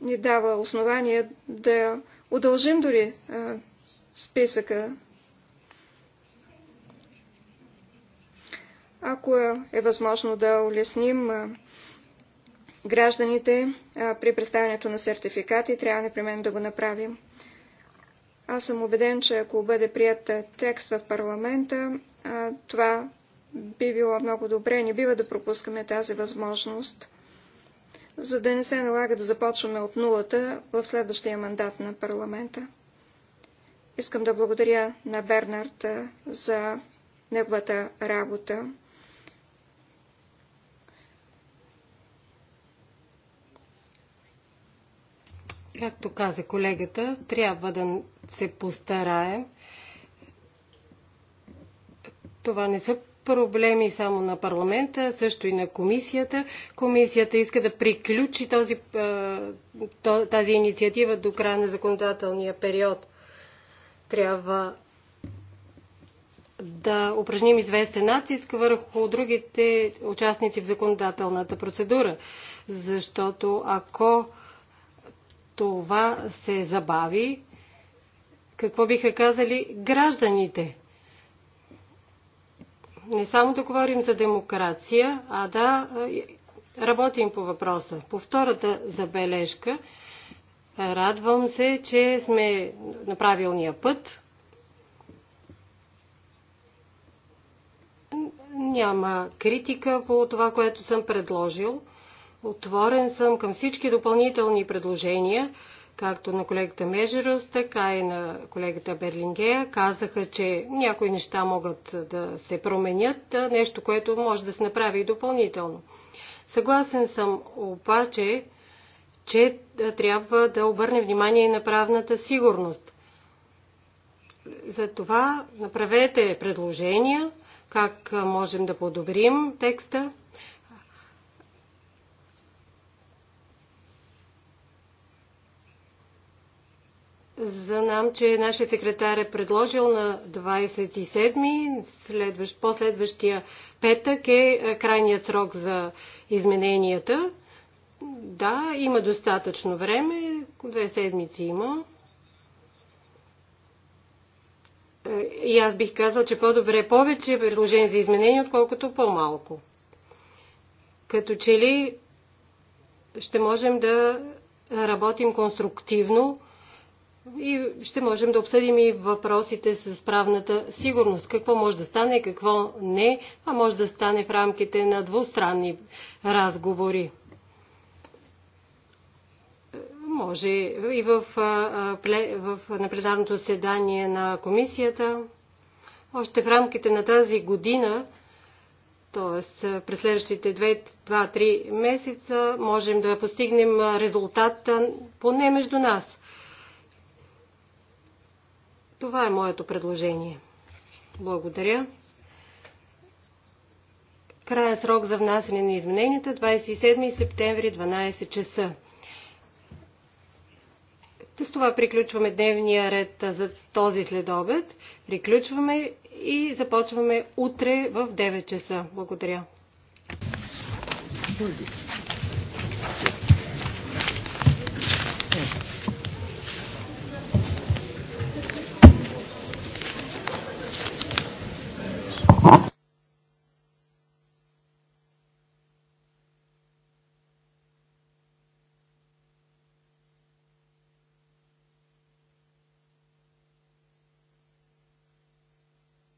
ни дава основание да удължим дори а, списъка. Ако е възможно да улесним а, гражданите а, при представянето на сертификати, трябва непременно да го направим. Аз съм убеден, че ако бъде прият е, текст в парламента, това би било много добре. Не бива да пропускаме тази възможност, за да не се налага да започваме от нулата в следващия мандат на парламента. Искам да благодаря на Бернард за неговата работа. Както каза колегата, трябва да се постараем. Това не са проблеми само на парламента, също и на комисията. Комисията иска да приключи този, е, тази инициатива до края на законодателния период. Трябва да упражним известен натиск върху другите участници в законодателната процедура, защото ако това се забави, какво биха казали гражданите? Не само да говорим за демокрация, а да е, работим по въпроса. По втората забележка, радвам се, че сме на правилния път. Няма критика по това, което съм предложил – Отворен съм към всички допълнителни предложения, както на колегата Межерос, така и на колегата Берлингея. Казаха, че някои неща могат да се променят, нещо, което може да се направи и допълнително. Съгласен съм обаче, че трябва да обърне внимание и на правната сигурност. Затова направете предложения, как можем да подобрим текста Знам, че нашия секретар е предложил на 27-ми, следващ, последващия петък е, е крайният срок за измененията. Да, има достатъчно време, две седмици има. Е, и аз бих казал, че по-добре е повече предложения за изменения, отколкото по-малко. Като че ли ще можем да работим конструктивно, и ще можем да обсъдим и въпросите с правната сигурност. Какво може да стане и какво не, а може да стане в рамките на двустранни разговори. Може и в, в, на пленарното седание на комисията. Още в рамките на тази година т.е. през следващите 2-3 месеца можем да постигнем резултата поне между нас. Това е моето предложение. Благодаря. Края срок за внасяне на измененията 27 септември 12 часа. С това приключваме дневния ред за този следобед. Приключваме и започваме утре в 9 часа. Благодаря.